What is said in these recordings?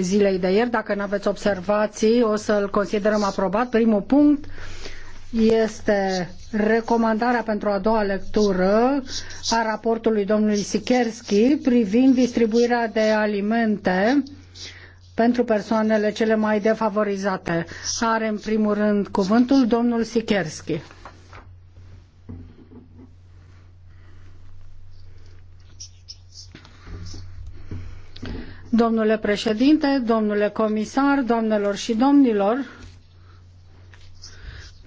zilei de ieri. Dacă nu aveți observații, o să-l considerăm aprobat. Primul punct este recomandarea pentru a doua lectură a raportului domnului Sikerski privind distribuirea de alimente pentru persoanele cele mai defavorizate. Are în primul rând cuvântul domnul Sikerski. Domnule președinte, domnule comisar, doamnelor și domnilor,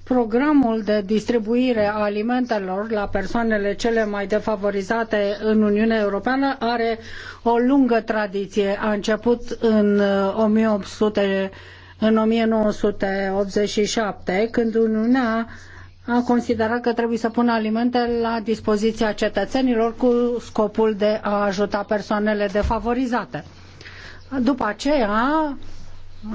programul de distribuire a alimentelor la persoanele cele mai defavorizate în Uniunea Europeană are o lungă tradiție. A început în 1800 uh, în 1987, când Uniunea a considerat că trebuie să pună alimente la dispoziția cetățenilor cu scopul de a ajuta persoanele defavorizate. După aceea,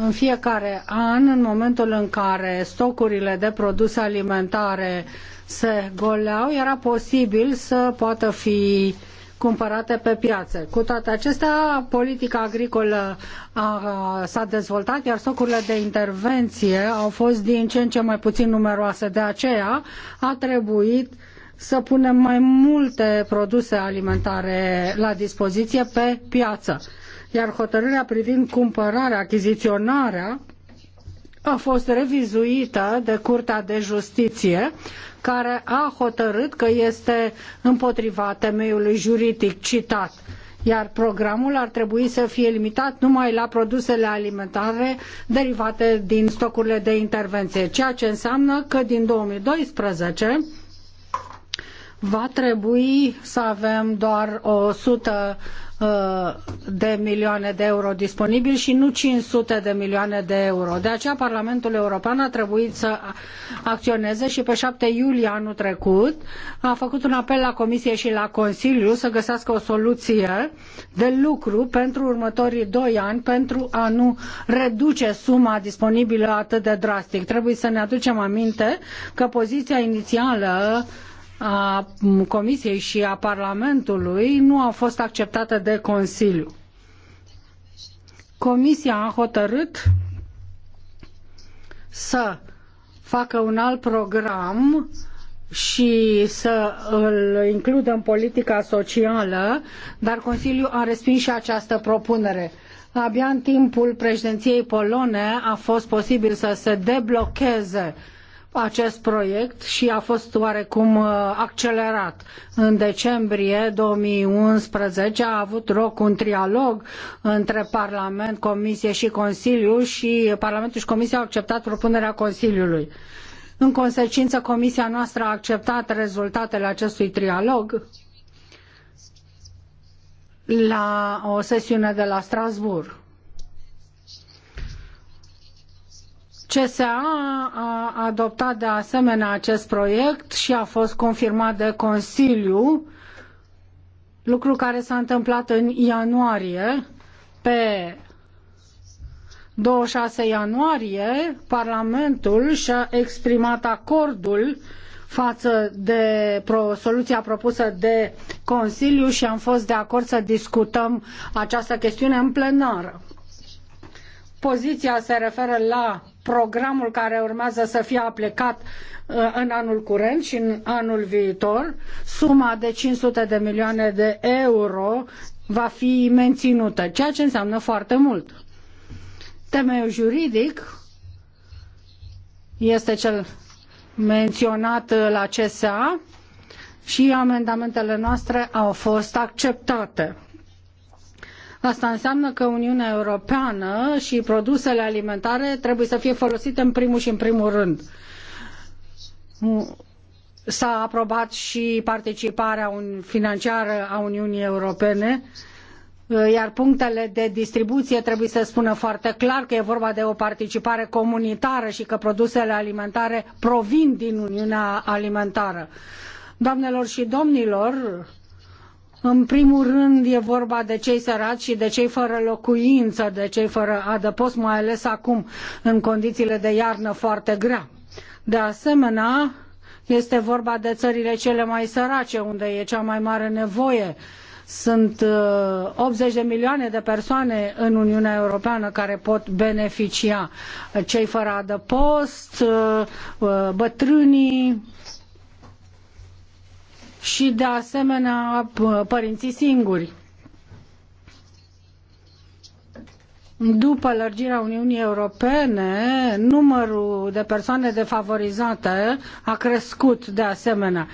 în fiecare an, în momentul în care stocurile de produse alimentare se goleau, era posibil să poată fi cumpărate pe piață. Cu toate acestea, politica agricolă s-a dezvoltat, iar stocurile de intervenție au fost din ce în ce mai puțin numeroase. De aceea a trebuit să punem mai multe produse alimentare la dispoziție pe piață iar hotărârea privind cumpărarea, achiziționarea a fost revizuită de Curtea de Justiție, care a hotărât că este împotriva temeiului juridic citat iar programul ar trebui să fie limitat numai la produsele alimentare derivate din stocurile de intervenție, ceea ce înseamnă că din 2012 va trebui să avem doar o sută de milioane de euro disponibili și nu 500 de milioane de euro. De aceea Parlamentul European a trebuit să acționeze și pe 7 iulie anul trecut a făcut un apel la Comisie și la Consiliu să găsească o soluție de lucru pentru următorii doi ani pentru a nu reduce suma disponibilă atât de drastic. Trebuie să ne aducem aminte că poziția inițială a Comisiei și a Parlamentului nu au fost acceptate de Consiliu. Comisia a hotărât să facă un alt program și să îl includă în politica socială, dar Consiliul a respins și această propunere. Abia în timpul președinției polone a fost posibil să se deblocheze uh, acest proiect și a fost oarecum uh, accelerat. În decembrie 2011 a avut loc un trialog între Parlament, Comisie și Consiliu și Parlamentul și Comisia au acceptat propunerea Consiliului. În consecință, Comisia noastră a acceptat rezultatele acestui trialog la o sesiune de la Strasbourg. CSA a adoptat de asemenea acest proiect și a fost confirmat de Consiliu, lucru care s-a întâmplat în ianuarie. Pe 26 ianuarie, Parlamentul și-a exprimat acordul față de pro, soluția propusă de Consiliu și am fost de acord să discutăm această chestiune în plenară. Poziția se referă la programul care urmează să fie aplicat uh, în anul curent și în anul viitor. Suma de 500 de milioane de euro va fi menținută, ceea ce înseamnă foarte mult. Temeiul juridic este cel menționat la CSA și amendamentele noastre au fost acceptate. Asta înseamnă că Uniunea Europeană și produsele alimentare trebuie să fie folosite în primul și în primul rând. S-a aprobat și participarea financiară a Uniunii Europene iar punctele de distribuție trebuie să spună foarte clar că e vorba de o participare comunitară și că produsele alimentare provin din Uniunea Alimentară. Doamnelor și domnilor, în primul rând e vorba de cei săraci și de cei fără locuință, de cei fără adăpost, mai ales acum în condițiile de iarnă foarte grea. De asemenea, este vorba de țările cele mai sărace, unde e cea mai mare nevoie. Sunt 80 uh, de milioane de persoane în Uniunea Europeană care pot beneficia. Cei fără adăpost, uh, uh, bătrânii, și de asemenea părinții singuri. După lărgirea Uniunii Europene, numărul de persoane defavorizate a crescut de asemenea.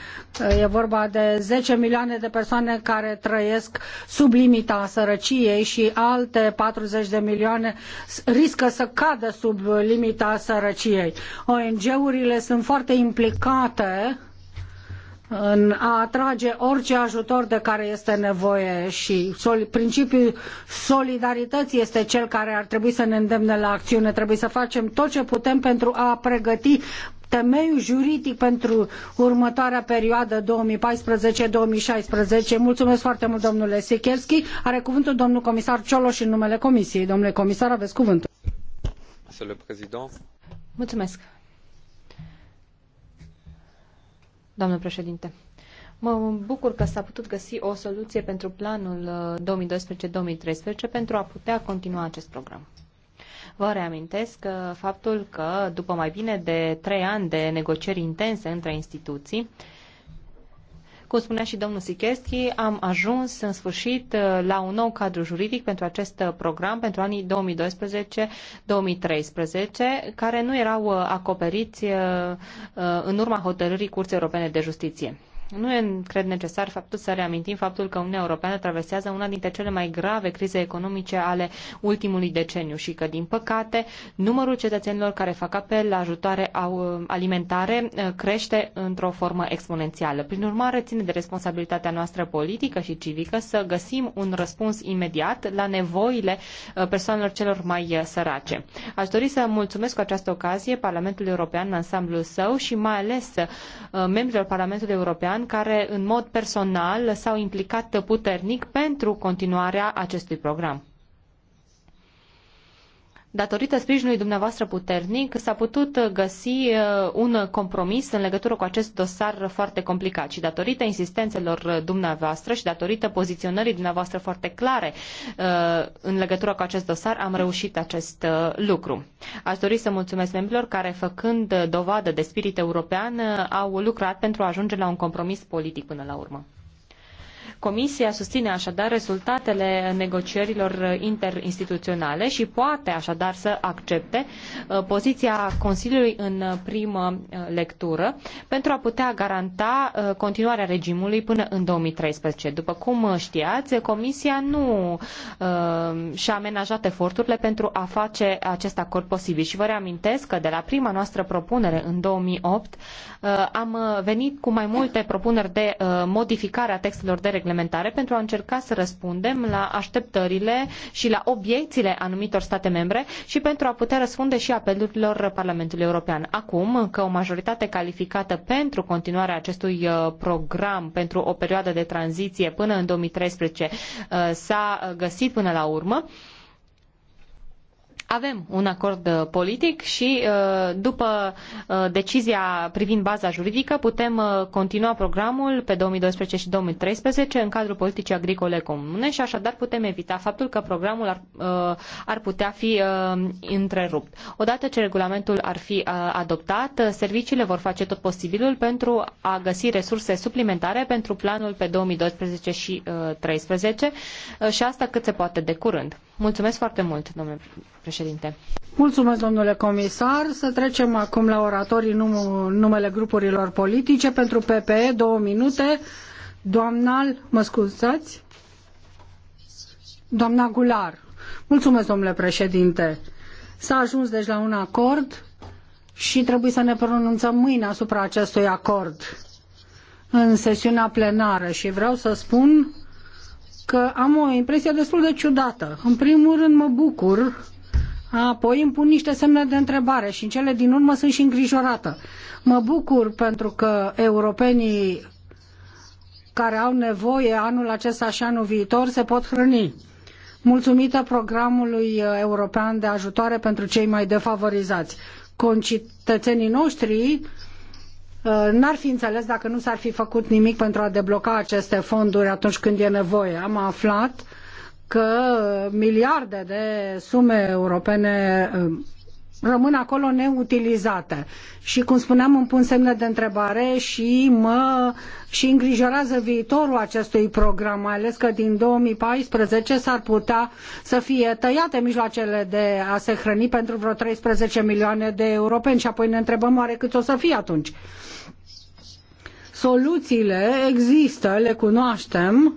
E vorba de 10 milioane de persoane care trăiesc sub limita sărăciei și alte 40 de milioane riscă să cadă sub limita sărăciei. ONG-urile sunt foarte implicate în a atrage orice ajutor de care este nevoie și principiul solidarității este cel care ar trebui să ne îndemne la acțiune. Trebuie să facem tot ce putem pentru a pregăti temeiul juridic pentru următoarea perioadă 2014-2016. Mulțumesc foarte mult, domnule Sikerski. Are cuvântul domnul comisar Cioloș în numele Comisiei. Domnule comisar, aveți cuvântul. Mulțumesc. Doamnă președinte, mă bucur că s-a putut găsi o soluție pentru planul 2012-2013 uh, pentru a putea continua acest program. Vă reamintesc uh, faptul că, după mai bine de trei ani de negocieri intense între instituții, cum spunea și domnul Sicheschi, am ajuns în sfârșit uh, la un nou cadru juridic pentru acest uh, program pentru anii 2012-2013, care nu erau uh, acoperiți în urma hotărârii Curții Europene de Justiție. Nu e, cred, necesar faptul să reamintim faptul că Uniunea Europeană traversează una dintre cele mai grave crize economice ale ultimului deceniu și că, din păcate, numărul cetățenilor care fac apel la ajutoare alimentare uh, crește într-o formă exponențială. Prin urmare, ține de responsabilitatea noastră politică și civică să găsim un răspuns imediat la nevoile uh, persoanelor celor mai uh, sărace. Aș dori să mulțumesc cu această ocazie Parlamentului European în ansamblul său și mai ales membrilor Parlamentului European European care în mod personal s-au implicat puternic pentru continuarea acestui program datorită sprijinului dumneavoastră puternic, s-a putut găsi uh, un compromis în legătură cu acest dosar foarte complicat și datorită insistențelor dumneavoastră și datorită poziționării dumneavoastră foarte clare uh, în legătură cu acest dosar, am reușit acest uh, lucru. Aș dori să mulțumesc membrilor care, făcând dovadă de spirit european, au lucrat pentru a ajunge la un compromis politic până la urmă. Comisia susține așadar rezultatele negocierilor interinstituționale și poate așadar să accepte uh, poziția Consiliului în uh, primă uh, lectură pentru a putea garanta continuarea regimului până în 2013. După cum știați, Comisia nu și-a amenajat eforturile pentru a face acest acord posibil și vă reamintesc că de la prima noastră propunere în 2008 am venit cu mai multe propuneri de modificare a textelor de reglementare reglementare pentru a încerca să răspundem la așteptările și la obiecțiile anumitor state membre și pentru a putea răspunde și apelurilor Parlamentului European. Acum că o majoritate calificată pentru continuarea acestui uh, program pentru o perioadă de tranziție până în 2013 uh, s-a uh, găsit până la urmă, avem un acord uh, politic și uh, după uh, decizia privind baza juridică putem continua programul pe 2012 și 2013 în cadrul politicii agricole comune și așadar putem evita faptul că programul ar, ar putea fi întrerupt. Odată ce regulamentul ar fi adoptat, serviciile vor face tot posibilul pentru a găsi resurse suplimentare pentru planul pe 2012 și 2013 și asta cât se poate de curând. Mulțumesc foarte mult, domnule președinte președinte. Mulțumesc, domnule comisar. Să trecem acum la oratorii num- numele grupurilor politice. Pentru PPE, două minute. Doamna, mă scuzați? Doamna Gular. Mulțumesc, domnule președinte. S-a ajuns deci la un acord și trebuie să ne pronunțăm mâine asupra acestui acord în sesiunea plenară și vreau să spun că am o impresie destul de ciudată. În primul rând mă bucur Apoi îmi pun niște semne de întrebare și în cele din urmă sunt și îngrijorată. Mă bucur pentru că europenii care au nevoie anul acesta și anul viitor se pot hrăni mulțumită programului european de ajutoare pentru cei mai defavorizați. Concetățenii noștri uh, n-ar fi înțeles dacă nu s-ar fi făcut nimic pentru a debloca aceste fonduri atunci când e nevoie. Am aflat uh, că miliarde de sume europene um, rămân acolo neutilizate. Și cum spuneam, îmi pun semne de întrebare și mă și îngrijorează viitorul acestui program, mai ales că din 2014 s-ar putea să fie tăiate mijloacele de a se hrăni pentru vreo 13 milioane de europeni și apoi ne întrebăm oare cât o să fie atunci. Soluțiile există, le cunoaștem,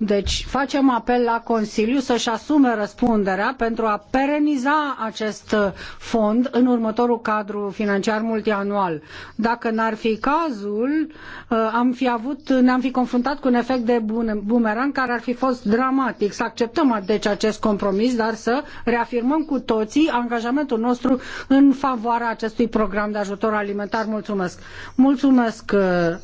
deci facem apel la Consiliu să-și asume răspunderea pentru a pereniza acest fond în următorul cadru financiar multianual. Dacă n-ar fi cazul, uh, am fi avut, ne-am fi confruntat cu un efect de bumerang care ar fi fost dramatic. Să acceptăm deci acest compromis, dar să reafirmăm cu toții angajamentul nostru în favoarea acestui program de ajutor alimentar. Mulțumesc! Mulțumesc, uh,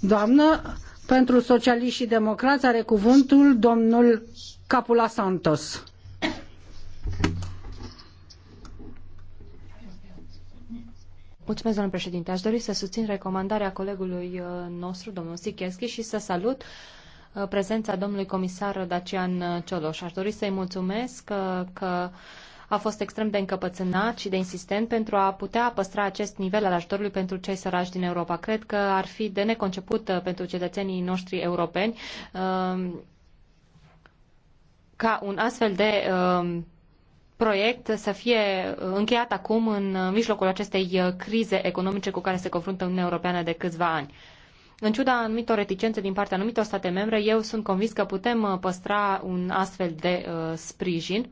doamnă! Pentru socialiști și democrați are cuvântul domnul Capula Santos. Mulțumesc, domnule președinte. Aș dori să susțin recomandarea colegului uh, nostru, domnul Sikeschi, și să salut uh, prezența domnului comisar Dacian Cioloș. Aș dori să-i mulțumesc uh, că, că a fost extrem de încăpățânat și de insistent pentru a putea păstra acest nivel al ajutorului pentru cei săraci din Europa. Cred că ar fi de neconceput uh, pentru cetățenii noștri europeni um, ca un astfel de um, proiect să fie încheiat acum în mijlocul acestei uh, crize economice cu care se confruntă Uniunea Europeană de câțiva ani. În ciuda anumitor reticențe din partea anumitor state membre, eu sunt convins că putem uh, păstra un astfel de uh, sprijin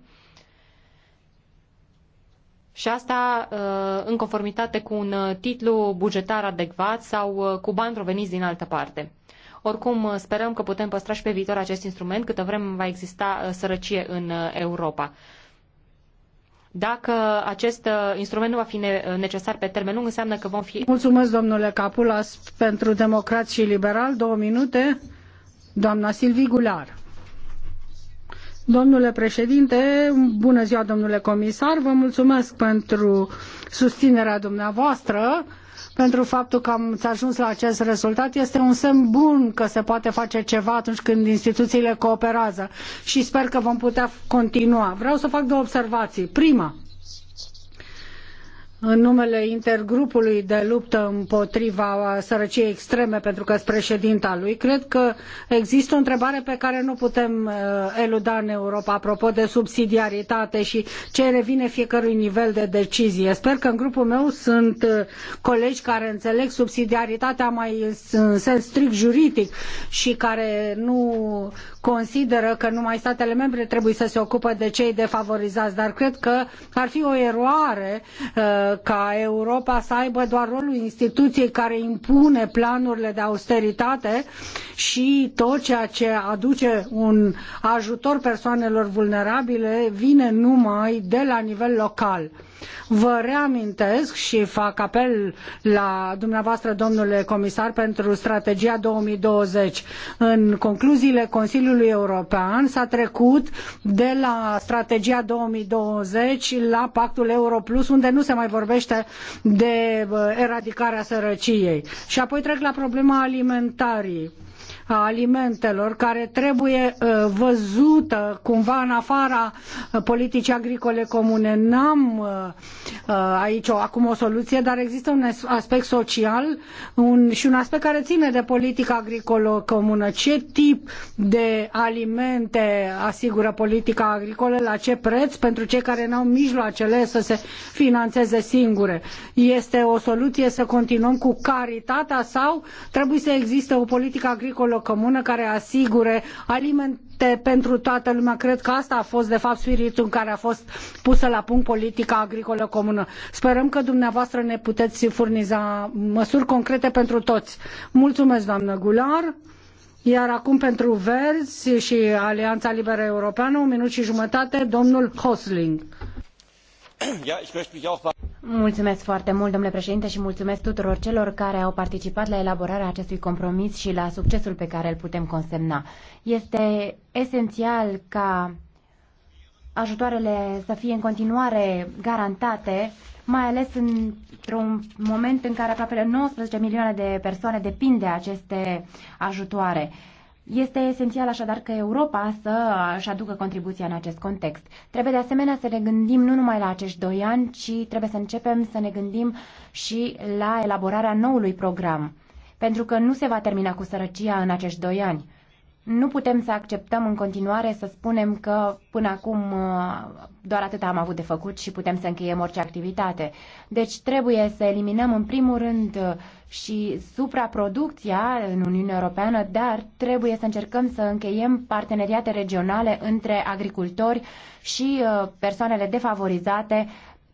și asta uh, în conformitate cu un uh, titlu bugetar adecvat sau uh, cu bani proveniți din altă parte. Oricum, sperăm că putem păstra și pe viitor acest instrument câtă vreme va exista sărăcie în Europa. Dacă acest instrument nu va fi necesar pe termen lung, înseamnă că vom fi... Mulțumesc, domnule Capulas, pentru Democrat și liberal. Două minute. Doamna Silvi Gular. Domnule președinte, bună ziua, domnule comisar, vă mulțumesc pentru susținerea dumneavoastră, pentru faptul că am ajuns la acest rezultat. Este un semn bun că se poate face ceva atunci când instituțiile cooperează și sper că vom putea continua. Vreau să fac două observații. Prima, în numele intergrupului de luptă împotriva sărăciei extreme, pentru că sunt președinta lui, cred că există o întrebare pe care nu putem uh, eluda în Europa, apropo de subsidiaritate și ce revine fiecărui nivel de decizie. Sper că în grupul meu sunt uh, colegi care înțeleg subsidiaritatea mai în sens strict juridic și care nu consideră că numai statele membre trebuie să se ocupe de cei defavorizați, dar cred că ar fi o eroare uh, ca Europa să aibă doar rolul instituției care impune planurile de austeritate și tot ceea ce aduce un ajutor persoanelor vulnerabile vine numai de la nivel local Vă reamintesc și fac apel la dumneavoastră, domnule comisar, pentru strategia 2020. În concluziile Consiliului European s-a trecut de la strategia 2020 la Pactul Euro Plus, unde nu se mai vorbește de uh, eradicarea sărăciei. Și apoi trec la problema alimentării a alimentelor, care trebuie uh, văzută cumva în afara uh, politicii agricole comune. N-am uh, aici acum o soluție, dar există un aspect social un, și un aspect care ține de politica agricolă comună. Ce tip de alimente asigură politica agricolă, la ce preț, pentru cei care n-au mijloacele să se financeze singure. Este o soluție să continuăm cu caritatea sau trebuie să existe o politică agricolă comună care asigure alimente pentru toată lumea. Cred că asta a fost, de fapt, spiritul în care a fost pusă la punct politica agricolă comună. Sperăm că dumneavoastră ne puteți furniza măsuri concrete pentru toți. Mulțumesc, doamnă Gular. Iar acum pentru Verzi și Alianța Liberă Europeană, un minut și jumătate, domnul Hosling. Mulțumesc foarte mult, domnule președinte, și mulțumesc tuturor celor care au participat la elaborarea acestui compromis și la succesul pe care îl putem consemna. Este esențial ca ajutoarele să fie în continuare garantate, mai ales într-un moment în care aproape 19 milioane de persoane depind de aceste ajutoare. Este esențial așadar că Europa să își aducă contribuția în acest context. Trebuie de asemenea să ne gândim nu numai la acești doi ani, ci trebuie să începem să ne gândim și la elaborarea noului program. Pentru că nu se va termina cu sărăcia în acești doi ani. Nu putem să acceptăm în continuare să spunem că până acum uh, doar atât am avut de făcut și putem să încheiem orice activitate. Deci trebuie să eliminăm în primul rând uh, și supraproducția în Uniunea Europeană, dar trebuie să încercăm să încheiem parteneriate regionale între agricultori și uh, persoanele defavorizate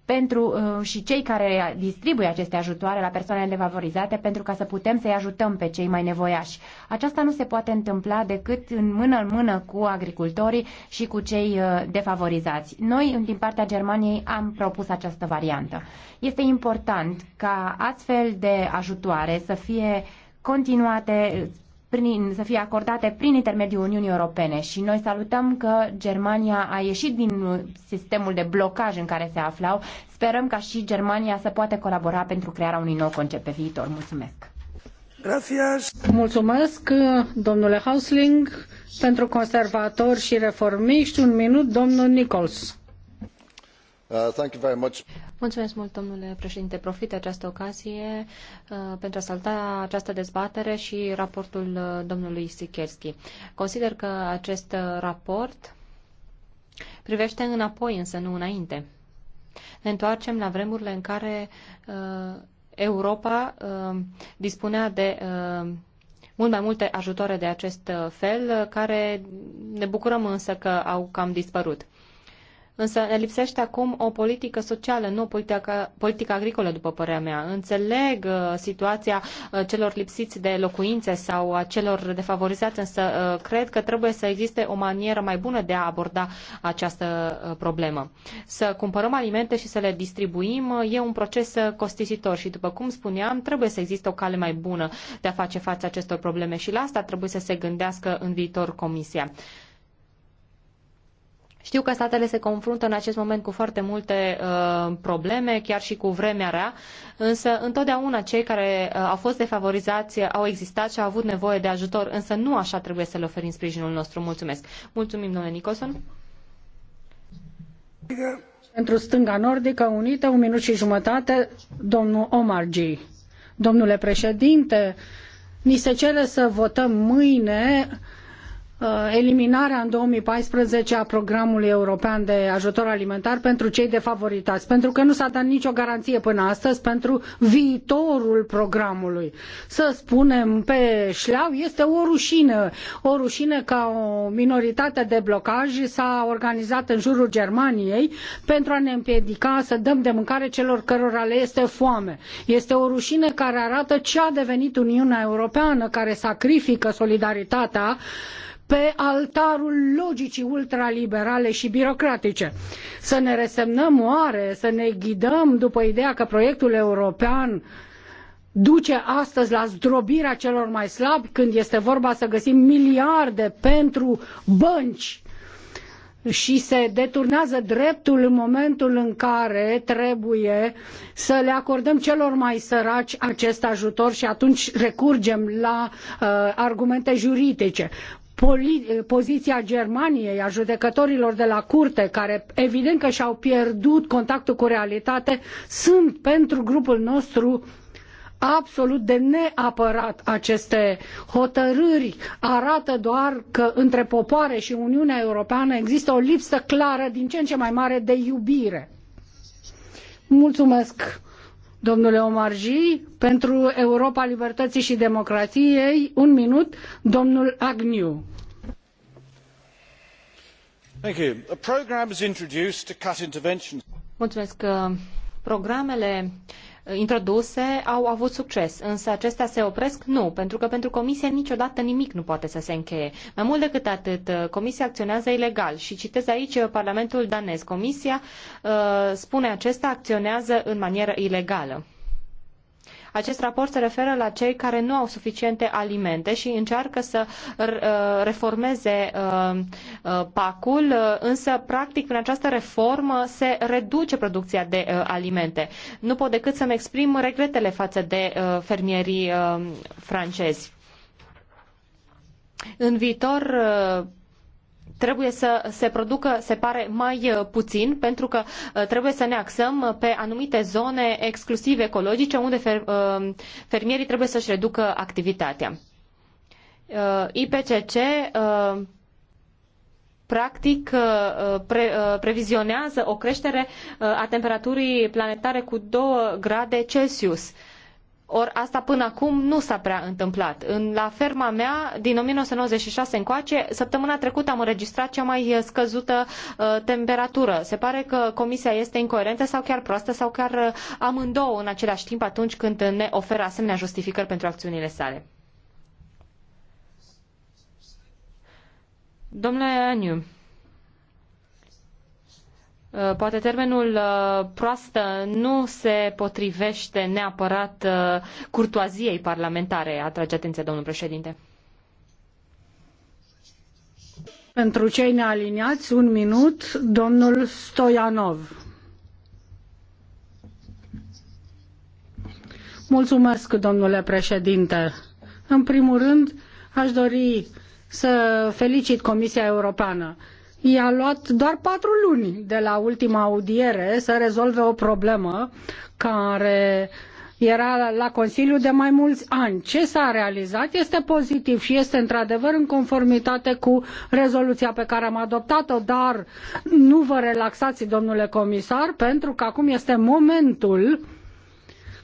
pentru uh, și cei care distribuie aceste ajutoare la persoanele defavorizate pentru ca să putem să-i ajutăm pe cei mai nevoiași. Aceasta nu se poate întâmpla decât în mână în mână cu agricultorii și cu cei uh, defavorizați. Noi, din partea Germaniei, am propus această variantă. Este important ca astfel de ajutoare să fie continuate prin, să fie acordate prin intermediul Uniunii Europene și noi salutăm că Germania a ieșit din sistemul de blocaj în care se aflau. Sperăm ca și Germania să poată colabora pentru crearea unui nou concept pe viitor. Mulțumesc! Gracias. Mulțumesc, domnule Hausling, pentru conservatori și reformiști. Un minut, domnul Nichols Uh, Mulțumesc mult, domnule președinte. Profit această ocazie uh, pentru a salta această dezbatere și raportul uh, domnului Sikerski. Consider că acest raport privește înapoi, însă nu înainte. Ne întoarcem la vremurile în care Europa dispunea de mult mai multe ajutoare de acest fel, care ne bucurăm însă că au cam dispărut. Însă ne eh, lipsește acum o politică socială, nu politica, politică, politică agricolă, după părerea mea. Înțeleg uh, situația uh, celor lipsiți de locuințe sau a celor defavorizați, însă uh, cred că trebuie să existe o manieră mai bună de a aborda această uh, problemă. Să cumpărăm alimente și să le distribuim uh, e un proces costisitor și, după cum spuneam, trebuie să existe o cale mai bună de a face față acestor probleme și la asta trebuie să se gândească în viitor Comisia. Știu că statele se confruntă în acest moment cu foarte multe uh, probleme, chiar și cu vremea rea, însă întotdeauna cei care uh, au fost defavorizați au existat și au avut nevoie de ajutor, însă nu așa trebuie să le oferim sprijinul nostru. Mulțumesc. Mulțumim, domnule Nicholson. Pentru stânga nordică unită, un minut și jumătate, domnul Omargi. Domnule președinte, ni se cere să votăm mâine Uh, eliminarea în 2014 a programului european de ajutor alimentar pentru cei defavorizați, pentru că nu s-a dat nicio garanție până astăzi pentru viitorul programului. Să spunem pe șleau, este o rușine, o rușine ca o minoritate de blocaj s-a organizat în jurul Germaniei pentru a ne împiedica să dăm de mâncare celor cărora le este foame. Este o rușine care arată ce a devenit Uniunea Europeană, care sacrifică solidaritatea pe altarul logicii ultraliberale și birocratice. Să ne resemnăm oare, să ne ghidăm după ideea că proiectul european duce astăzi la zdrobirea celor mai slabi când este vorba să găsim miliarde pentru bănci și se deturnează dreptul în momentul în care trebuie să le acordăm celor mai săraci acest ajutor și atunci recurgem la uh, argumente juridice poziția Germaniei, a judecătorilor de la curte, care evident că și-au pierdut contactul cu realitate, sunt pentru grupul nostru absolut de neapărat aceste hotărâri arată doar că între popoare și Uniunea Europeană există o lipsă clară din ce în ce mai mare de iubire. Mulțumesc Domnule Omarji, pentru Europa Libertății și Democrației, un minut, domnul Agnew. Mulțumesc. Programele introduse au avut succes, însă acestea se opresc? Nu, pentru că pentru comisie niciodată nimic nu poate să se încheie. Mai mult decât atât, uh, comisia acționează ilegal și citez aici uh, Parlamentul danez. Comisia, uh, spune acesta, acționează în manieră ilegală. Acest raport se referă la cei care nu au suficiente alimente și încearcă să uh, reformeze uh, uh, pacul, însă, practic, prin această reformă se reduce producția de alimente. Nu pot decât să-mi exprim regretele față de fermierii francezi. În viitor, trebuie să se producă, se pare, mai uh, puțin, pentru că uh, trebuie să ne axăm uh, pe anumite zone exclusiv ecologice, unde fermierii trebuie să-și reducă activitatea. IPCC practic pre, previzionează o creștere a temperaturii planetare cu 2 grade Celsius Or, asta până acum nu s-a prea întâmplat. În, la ferma mea, din 1996 încoace, săptămâna trecută am înregistrat cea mai eh, scăzută uh, temperatură. Se pare că comisia este incoerentă sau chiar proastă sau chiar uh, amândouă în același timp atunci când ne oferă asemenea justificări pentru acțiunile sale. Domnule Aniu, Uh, poate termenul uh, proastă nu se potrivește neapărat uh, curtoaziei parlamentare, atrage atenția domnul președinte. Pentru cei nealiniați, un minut, domnul Stoianov. Mulțumesc, domnule președinte. În primul rând, aș dori să felicit Comisia Europeană i-a luat doar patru luni de la ultima audiere să rezolve o problemă care era la Consiliu de mai mulți ani. Ce s-a realizat este pozitiv și este într-adevăr în conformitate cu rezoluția pe care am adoptat-o, dar nu vă relaxați, domnule comisar, pentru că acum este momentul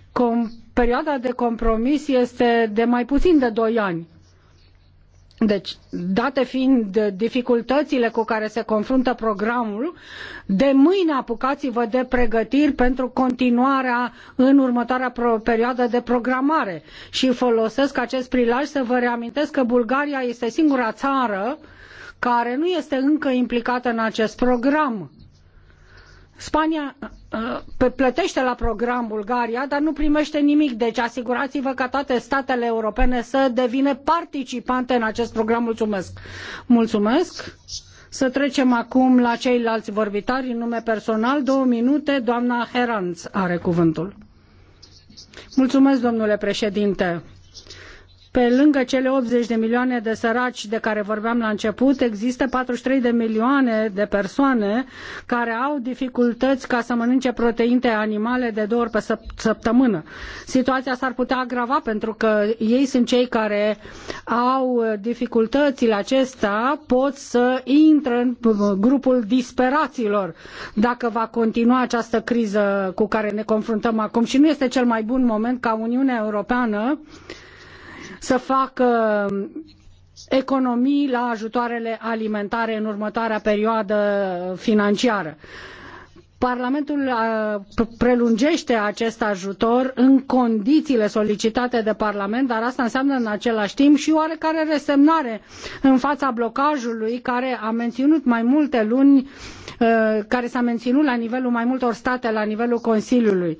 com- perioada de compromis este de mai puțin de doi ani deci, date fiind dificultățile cu care se confruntă programul, de mâine apucați-vă de pregătiri pentru continuarea în următoarea perioadă de programare. Și folosesc acest prilaj să vă reamintesc că Bulgaria este singura țară care nu este încă implicată în acest program Spania uh, plătește la program Bulgaria, dar nu primește nimic. Deci asigurați-vă ca toate statele europene să devină participante în acest program. Mulțumesc! Mulțumesc! Să trecem acum la ceilalți vorbitari în nume personal. Două minute, doamna Heranz are cuvântul. Mulțumesc, domnule președinte. Pe lângă cele 80 de milioane de săraci de care vorbeam la început, există 43 de milioane de persoane care au dificultăți ca să mănânce proteine animale de două ori pe săptămână. Situația s-ar putea agrava pentru că ei sunt cei care au dificultățile acestea, pot să intre în grupul disperaților dacă va continua această criză cu care ne confruntăm acum și nu este cel mai bun moment ca Uniunea Europeană să facă economii la ajutoarele alimentare în următoarea perioadă financiară. Parlamentul uh, prelungește acest ajutor în condițiile solicitate de Parlament, dar asta înseamnă în același timp și oarecare resemnare în fața blocajului care a menținut mai multe luni, uh, care s-a menținut la nivelul mai multor state, la nivelul Consiliului.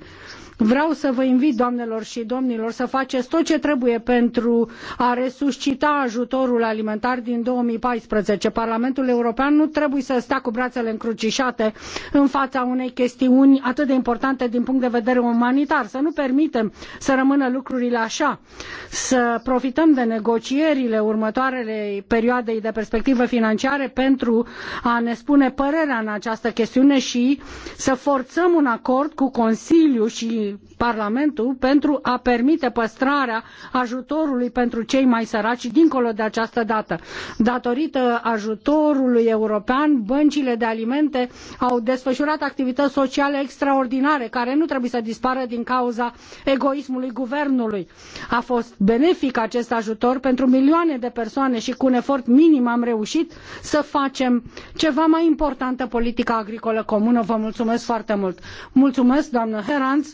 Vreau să vă invit, doamnelor și domnilor, să faceți tot ce trebuie pentru a resuscita ajutorul alimentar din 2014. Parlamentul European nu trebuie să stea cu brațele încrucișate în fața unei chestiuni atât de importante din punct de vedere umanitar. Să nu permitem să rămână lucrurile așa. Să profităm de negocierile următoarele perioadei de perspectivă financiară pentru a ne spune părerea în această chestiune și să forțăm un acord cu Consiliul și Parlamentul pentru a permite păstrarea ajutorului pentru cei mai săraci dincolo de această dată. Datorită ajutorului european, băncile de alimente au desfășurat activități sociale extraordinare care nu trebuie să dispară din cauza egoismului guvernului. A fost benefic acest ajutor pentru milioane de persoane și cu un efort minim am reușit să facem ceva mai importantă politica agricolă comună. Vă mulțumesc foarte mult. Mulțumesc, doamnă Heranz.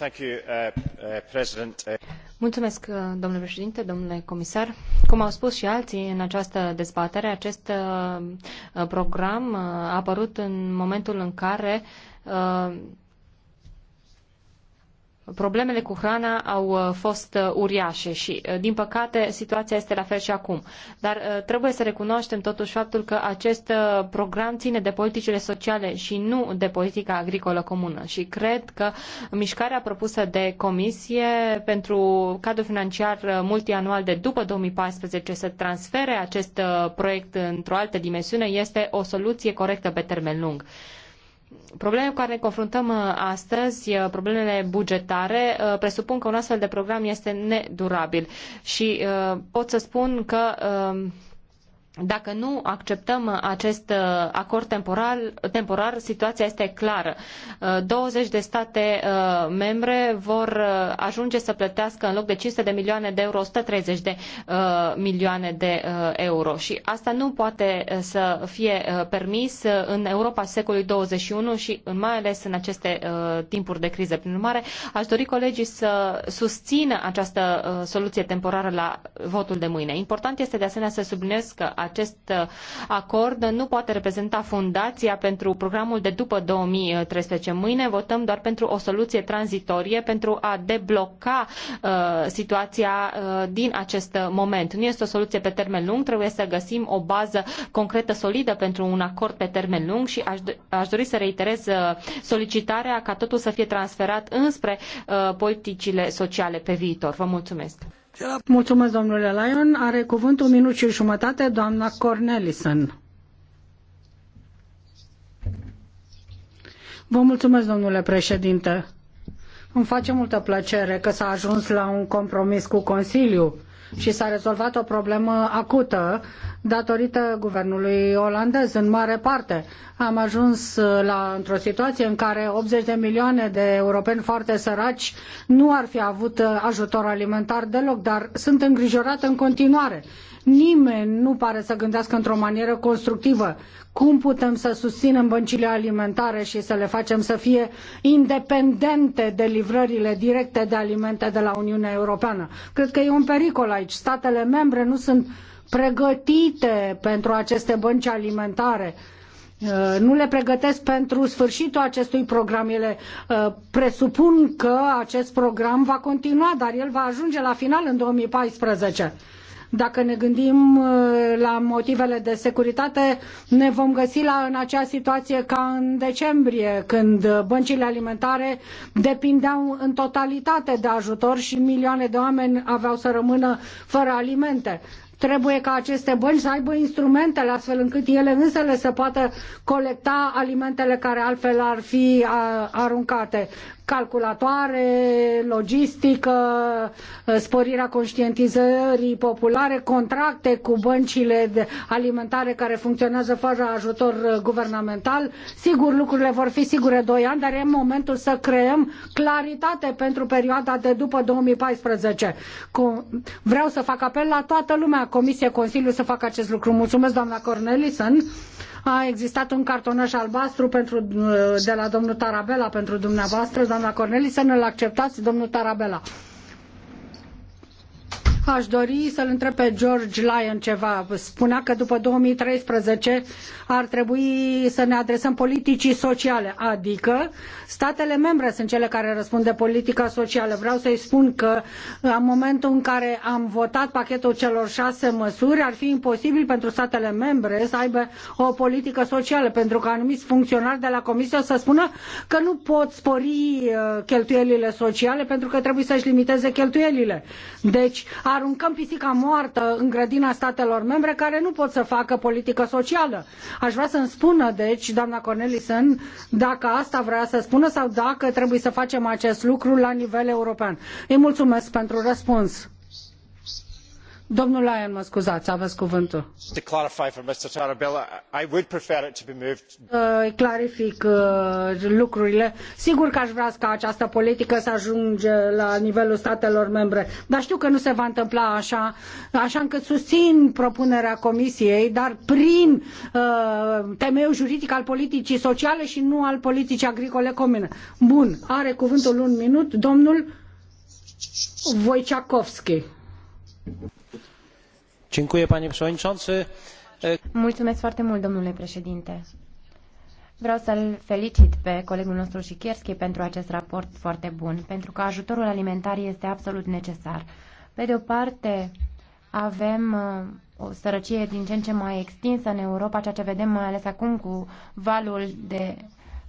Uh, uh, uh, Mulțumesc, domnule președinte, domnule comisar. Cum au spus și alții în această dezbatere, acest program a apărut în momentul în care Problemele cu hrana au uh, fost uh, uriașe și, uh, din păcate, situația este la fel și acum. Dar trebuie să recunoaștem totuși faptul că acest program ține de politicile sociale și nu de politica agricolă comună. Și cred că mișcarea propusă de comisie pentru cadrul financiar multianual de după 2014 să transfere acest proiect într-o altă dimensiune este o soluție corectă pe termen lung. Problemele cu care ne confruntăm uh, astăzi, uh, problemele bugetare, uh, presupun că un astfel de program este nedurabil și pot să spun că dacă nu acceptăm acest uh, acord temporar, temporar, situația este clară. 20 uh, de state uh, membre vor ajunge să plătească în loc de 500 de milioane de euro 130 de milioane de euro și asta nu poate să fie permis în Europa secolului 21 și mai ales în aceste timpuri de criză. Prin urmare, aș dori colegii să susțină această soluție temporară la votul de mâine. Important este de asemenea să subliniez că acest uh, acord nu poate reprezenta fundația pentru programul de după 2013. Mâine votăm doar pentru o soluție tranzitorie pentru a debloca uh, situația uh, din acest moment. Nu este o soluție pe termen lung, trebuie să găsim o bază concretă, solidă pentru un acord pe termen lung și aș, aș dori să reiterez uh, solicitarea ca totul să fie transferat înspre uh, politicile sociale pe viitor. Vă mulțumesc! Mulțumesc, domnule Lyon. Are cuvântul un minut și jumătate, doamna Cornelison. Vă mulțumesc, domnule președinte. Îmi face multă plăcere că s-a ajuns la un compromis cu Consiliul și s-a rezolvat o problemă acută datorită guvernului olandez în mare parte. Am ajuns la, într-o situație în care 80 de milioane de europeni foarte săraci nu ar fi avut ajutor alimentar deloc, dar sunt îngrijorat în continuare Nimeni nu pare să gândească într-o manieră constructivă cum putem să susținem băncile alimentare și să le facem să fie independente de livrările directe de alimente de la Uniunea Europeană. Cred că e un pericol aici. Statele membre nu sunt pregătite pentru aceste bănci alimentare uh, nu le pregătesc pentru sfârșitul acestui program. Ele uh, presupun că acest program va continua, dar el va ajunge la final în 2014. Dacă ne gândim uh, la motivele de securitate, ne vom găsi la, în acea situație ca în decembrie, când uh, băncile alimentare depindeau în totalitate de ajutor și milioane de oameni aveau să rămână fără alimente trebuie ca aceste bănci să aibă instrumentele astfel încât ele însele să poată colecta alimentele care altfel ar fi uh, aruncate calculatoare, logistică, ă, sporirea conștientizării populare, contracte cu băncile alimentare care funcționează fără ajutor ă, guvernamental. Sigur, lucrurile vor fi sigure doi ani, dar e momentul să creăm claritate pentru perioada de după 2014. Vreau să fac apel la toată lumea, Comisie, Consiliu, să facă acest lucru. Mulțumesc, doamna Cornelison. A existat un cartonaș albastru pentru, de la domnul Tarabella pentru dumneavoastră, doamna Cornelisen, îl acceptați, domnul Tarabella? Aș dori să-l întreb pe George Lyon ceva. Spunea că după 2013 ar trebui să ne adresăm politicii sociale, adică statele membre sunt cele care răspund de politica socială. Vreau să-i spun că în momentul în care am votat pachetul celor șase măsuri, ar fi imposibil pentru statele membre să aibă o politică socială, pentru că anumiți funcționari de la Comisie o să spună că nu pot spori uh, cheltuielile sociale pentru că trebuie să-și limiteze cheltuielile. Deci aruncăm pisica moartă în grădina statelor membre care nu pot să facă politică socială. Aș vrea să-mi spună, deci, doamna Cornelison, dacă asta vrea să spună sau dacă trebuie să facem acest lucru la nivel european. Îi mulțumesc pentru răspuns. Domnul Lyon, mă scuzați, aveți cuvântul. Uh, clarific uh, lucrurile. Sigur că aș vrea ca această politică să ajungă la nivelul statelor membre, dar știu că nu se va întâmpla așa, așa încât susțin propunerea Comisiei, dar prin uh, temeiul juridic al politicii sociale și nu al politicii agricole comune. Bun, are cuvântul un minut domnul Wojciechowski. Mulțumesc foarte mult, domnule președinte. Vreau să-l felicit pe colegul nostru Șichierski pentru acest raport foarte bun, pentru că ajutorul alimentar este absolut necesar. Pe de o parte, avem uh, o sărăcie din ce în ce mai extinsă în Europa, ceea ce vedem mai ales acum cu valul de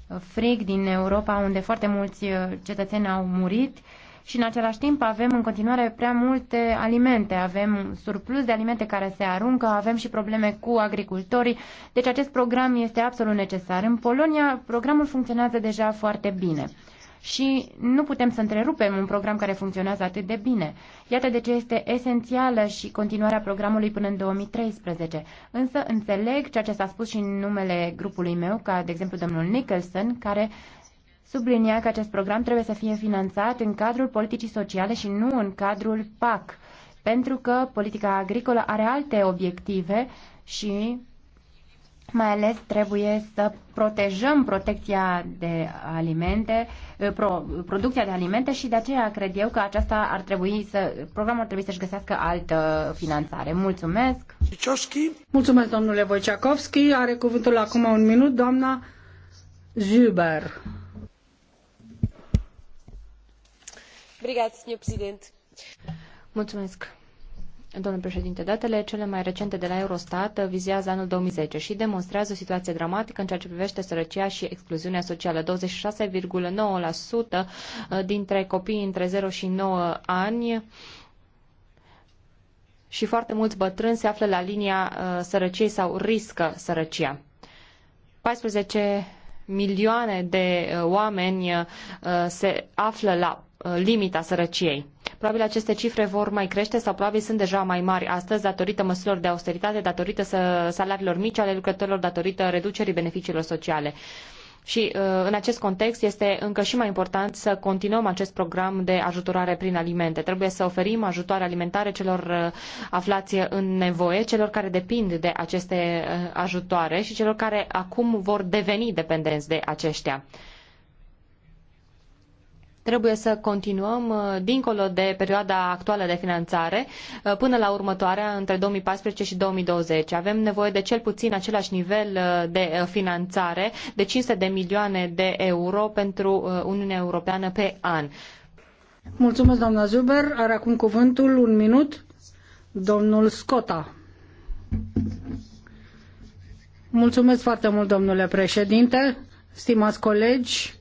uh, frig din Europa, unde foarte mulți uh, cetățeni au murit și în același timp avem în continuare prea multe alimente, avem surplus de alimente care se aruncă, avem și probleme cu agricultorii, deci acest program este absolut necesar. În Polonia programul funcționează deja foarte bine și nu putem să întrerupem un program care funcționează atât de bine. Iată de ce este esențială și continuarea programului până în 2013. Însă înțeleg ceea ce s-a spus și în numele grupului meu, ca de exemplu domnul Nicholson, care sublinia că acest program trebuie să fie finanțat în cadrul politicii sociale și nu în cadrul PAC, pentru că politica agricolă are alte obiective și mai ales trebuie să protejăm protecția de alimente, eh, pro, producția de alimente și de aceea cred eu că aceasta ar trebui să, programul ar trebui să-și găsească altă finanțare. Mulțumesc! Cicioșchi. Mulțumesc, domnule Wojciechowski. Are cuvântul acum un minut, doamna Zuber. Mulțumesc. Domnule președinte, datele cele mai recente de la Eurostat vizează anul 2010 și demonstrează o situație dramatică în ceea ce privește sărăcia și excluziunea socială. 26,9% dintre copiii între 0 și 9 ani și foarte mulți bătrâni se află la linia uh, sărăciei sau riscă sărăcia. 14 milioane de uh, oameni uh, se află la Uh, limita sărăciei. Probabil aceste cifre vor mai crește sau probabil sunt deja mai mari astăzi datorită măsurilor de austeritate, datorită salariilor mici ale lucrătorilor, datorită reducerii beneficiilor sociale. Și uh, în acest context este încă și mai important să continuăm acest program de ajutorare prin alimente. Trebuie să oferim ajutoare alimentare celor uh, aflați în nevoie, celor care depind de aceste ajutoare și celor care acum vor deveni dependenți de aceștia. Trebuie să continuăm uh, dincolo de perioada actuală de finanțare uh, până la următoarea, între 2014 și 2020. Avem nevoie de cel puțin același nivel uh, de finanțare de 500 de milioane de euro pentru Uniunea Europeană pe an. Mulțumesc, doamna Zuber. Are acum cuvântul un minut domnul Scota. Mulțumesc foarte mult, domnule președinte, stimați colegi.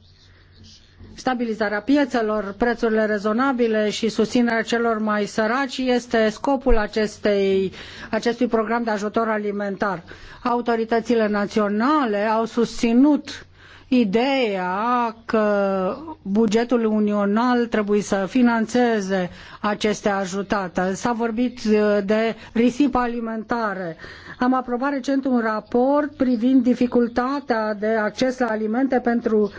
Stabilizarea piețelor, prețurile rezonabile și susținerea celor mai săraci este scopul acestei, acestui program de ajutor alimentar. Autoritățile naționale au susținut ideea că bugetul unional trebuie să financeze aceste ajutate. S-a vorbit uh, de risipă alimentare. Am aprobat recent un raport privind dificultatea de acces la alimente pentru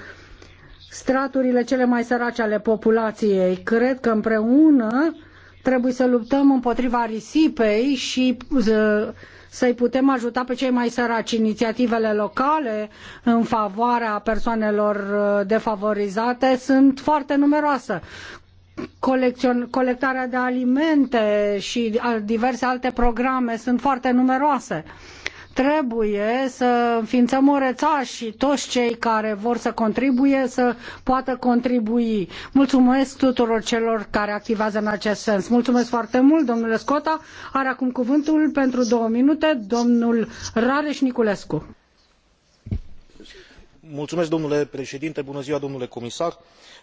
straturile cele mai sărace ale populației. Cred că împreună trebuie să luptăm împotriva risipei și uh, să-i putem ajuta pe cei mai săraci. Inițiativele locale în favoarea persoanelor uh, defavorizate sunt foarte numeroase. colectarea de alimente și diverse alte programe sunt foarte numeroase. Uh, Trebuie să înființăm o rețea și toți cei care vor să contribuie să poată contribui. Mulțumesc tuturor celor care activează în acest sens. Mulțumesc foarte mult, domnule Scota. Are acum cuvântul pentru două minute domnul Rareș Niculescu. Mulțumesc, domnule președinte. Bună ziua, domnule comisar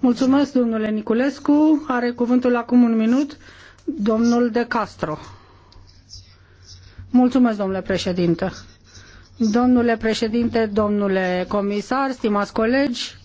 Mulțumesc, domnule Niculescu. Are cuvântul acum un minut domnul De Castro. Mulțumesc, domnule președinte. Domnule președinte, domnule comisar, stimați colegi,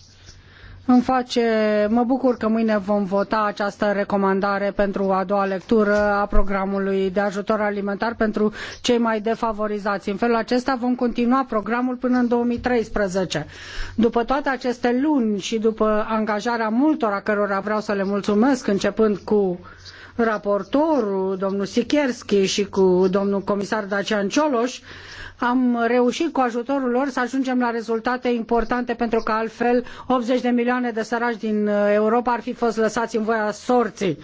îmi face, mă bucur că mâine vom vota această recomandare pentru a doua lectură a programului de ajutor alimentar pentru cei mai defavorizați. În felul acesta vom continua programul până în 2013. După toate aceste luni și după angajarea multora cărora vreau să le mulțumesc, începând cu raportorul, domnul Sikierski și cu domnul comisar Dacian Cioloș, am reușit cu ajutorul lor să ajungem la rezultate importante pentru că altfel 80 de milioane de săraci din uh, Europa ar fi fost lăsați în voia sorții.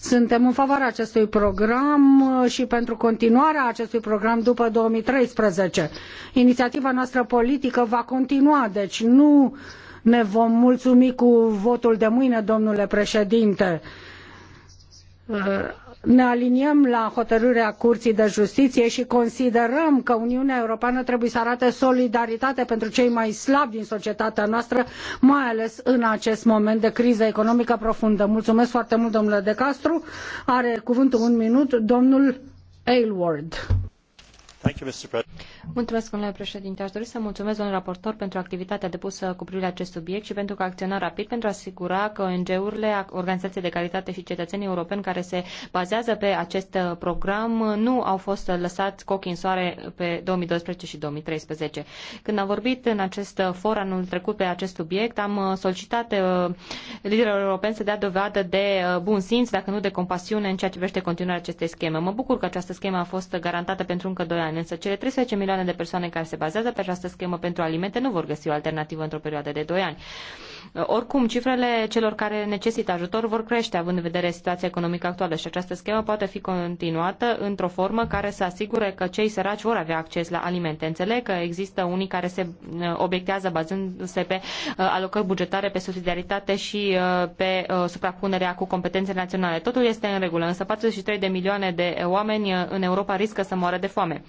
Suntem în favoarea acestui program uh, și pentru continuarea acestui program după 2013. Inițiativa noastră politică va continua, deci nu ne vom mulțumi cu votul de mâine, domnule președinte uh, ne aliniem la hotărârea Curții de Justiție și considerăm că Uniunea Europeană trebuie să arate solidaritate pentru cei mai slabi din societatea noastră, mai ales în acest moment de criză economică profundă. Mulțumesc foarte mult, domnule De Castru. Are cuvântul un minut domnul Aylward. Mulțumesc, Aș dori să mulțumesc domnului raportor pentru activitatea depusă cu privire la acest subiect și pentru că a acționat rapid pentru a asigura că ONG-urile, organizații de caritate și cetățenii europeni care se bazează pe acest program nu au fost lăsați cu ochii în soare pe 2012 și 2013. Când am vorbit în acest for anul trecut pe acest subiect, am solicitat uh, liderilor europeni să dea dovadă de uh, bun simț, dacă nu de compasiune, în ceea ce privește continuarea acestei scheme. Mă bucur că această schemă a fost garantată pentru încă doi ani ani, însă cele 13 milioane de persoane care se bazează pe această schemă pentru alimente nu vor găsi o alternativă într-o perioadă de 2 ani. Eh, oricum, cifrele celor care necesită ajutor vor crește, având în vedere situația economică actuală și această schemă poate fi continuată într-o formă care să asigure că cei săraci vor avea acces la alimente. Înțeleg că există unii care se eh, obiectează bazându-se pe eh, alocări bugetare, pe subsidiaritate și pe suprapunerea cu competențe naționale. Totul este în regulă, însă 43 de milioane de oameni în Europa riscă să moară de foame.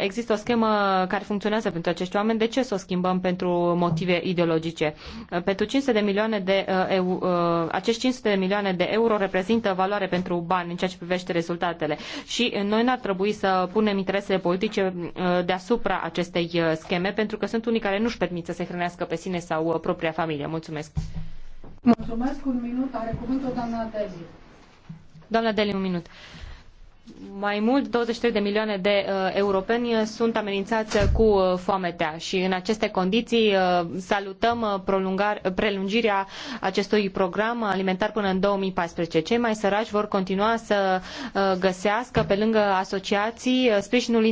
Există o schemă care funcționează pentru acești oameni. De ce să o schimbăm pentru motive ideologice? Pentru 500 de milioane de uh, eu, uh, acești 500 de milioane de euro reprezintă valoare pentru bani în ceea ce privește rezultatele. Și noi n-ar trebui să punem interesele politice uh, deasupra acestei scheme, pentru că sunt unii care nu-și permit să se hrănească pe sine sau propria familie. Mulțumesc! Mulțumesc, un minut, are cuvântul doamna Deli. Doamna Deli, un minut. Uh, mai mult 23 de milioane de uh, europeni sunt amenințați cu uh, foametea și în aceste condiții uh, salutăm uh, prelungirea acestui program alimentar până în 2014. Cei mai săraci vor continua să uh, găsească pe lângă asociații uh, sprijinul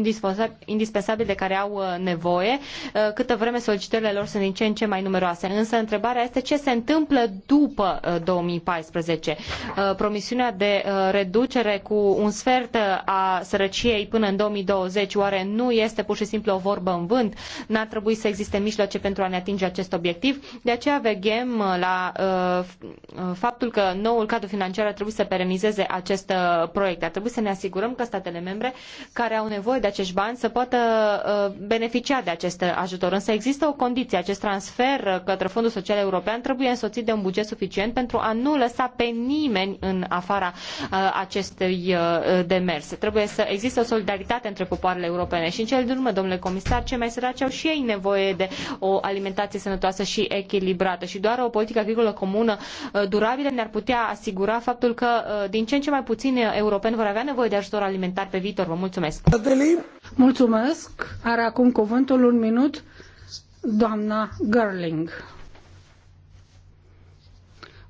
indispensabil de care au nevoie, uh, câtă vreme solicitările lor sunt din ce în ce mai numeroase. Însă întrebarea este ce se întâmplă după 2014. promisiunea de reducere cu un sfert certă a sărăciei până în 2020 oare nu este pur și simplu o vorbă în vânt? N-ar trebui să existe mijloace pentru a ne atinge acest obiectiv? De aceea veghem uh, la uh, uh, faptul că noul cadru financiar ar trebui să perenizeze acest uh, proiect. Ar trebui să ne asigurăm că statele membre care au nevoie de acești bani să poată uh, beneficia de acest ajutor. Însă există o condiție. Acest transfer uh, către Fondul Social European trebuie însoțit de un buget suficient pentru a nu lăsa pe nimeni în afara acestui demers. Trebuie să existe o solidaritate între popoarele europene și în cele din urmă, domnule comisar, cei mai săraci au și ei nevoie de o alimentație sănătoasă și echilibrată și doar o politică agricolă comună uh, durabilă ne-ar putea asigura faptul că uh, din ce în ce mai puțini europeni vor avea nevoie de ajutor alimentar pe viitor. Vă mulțumesc! Mulțumesc! Are acum cuvântul un minut doamna Gerling.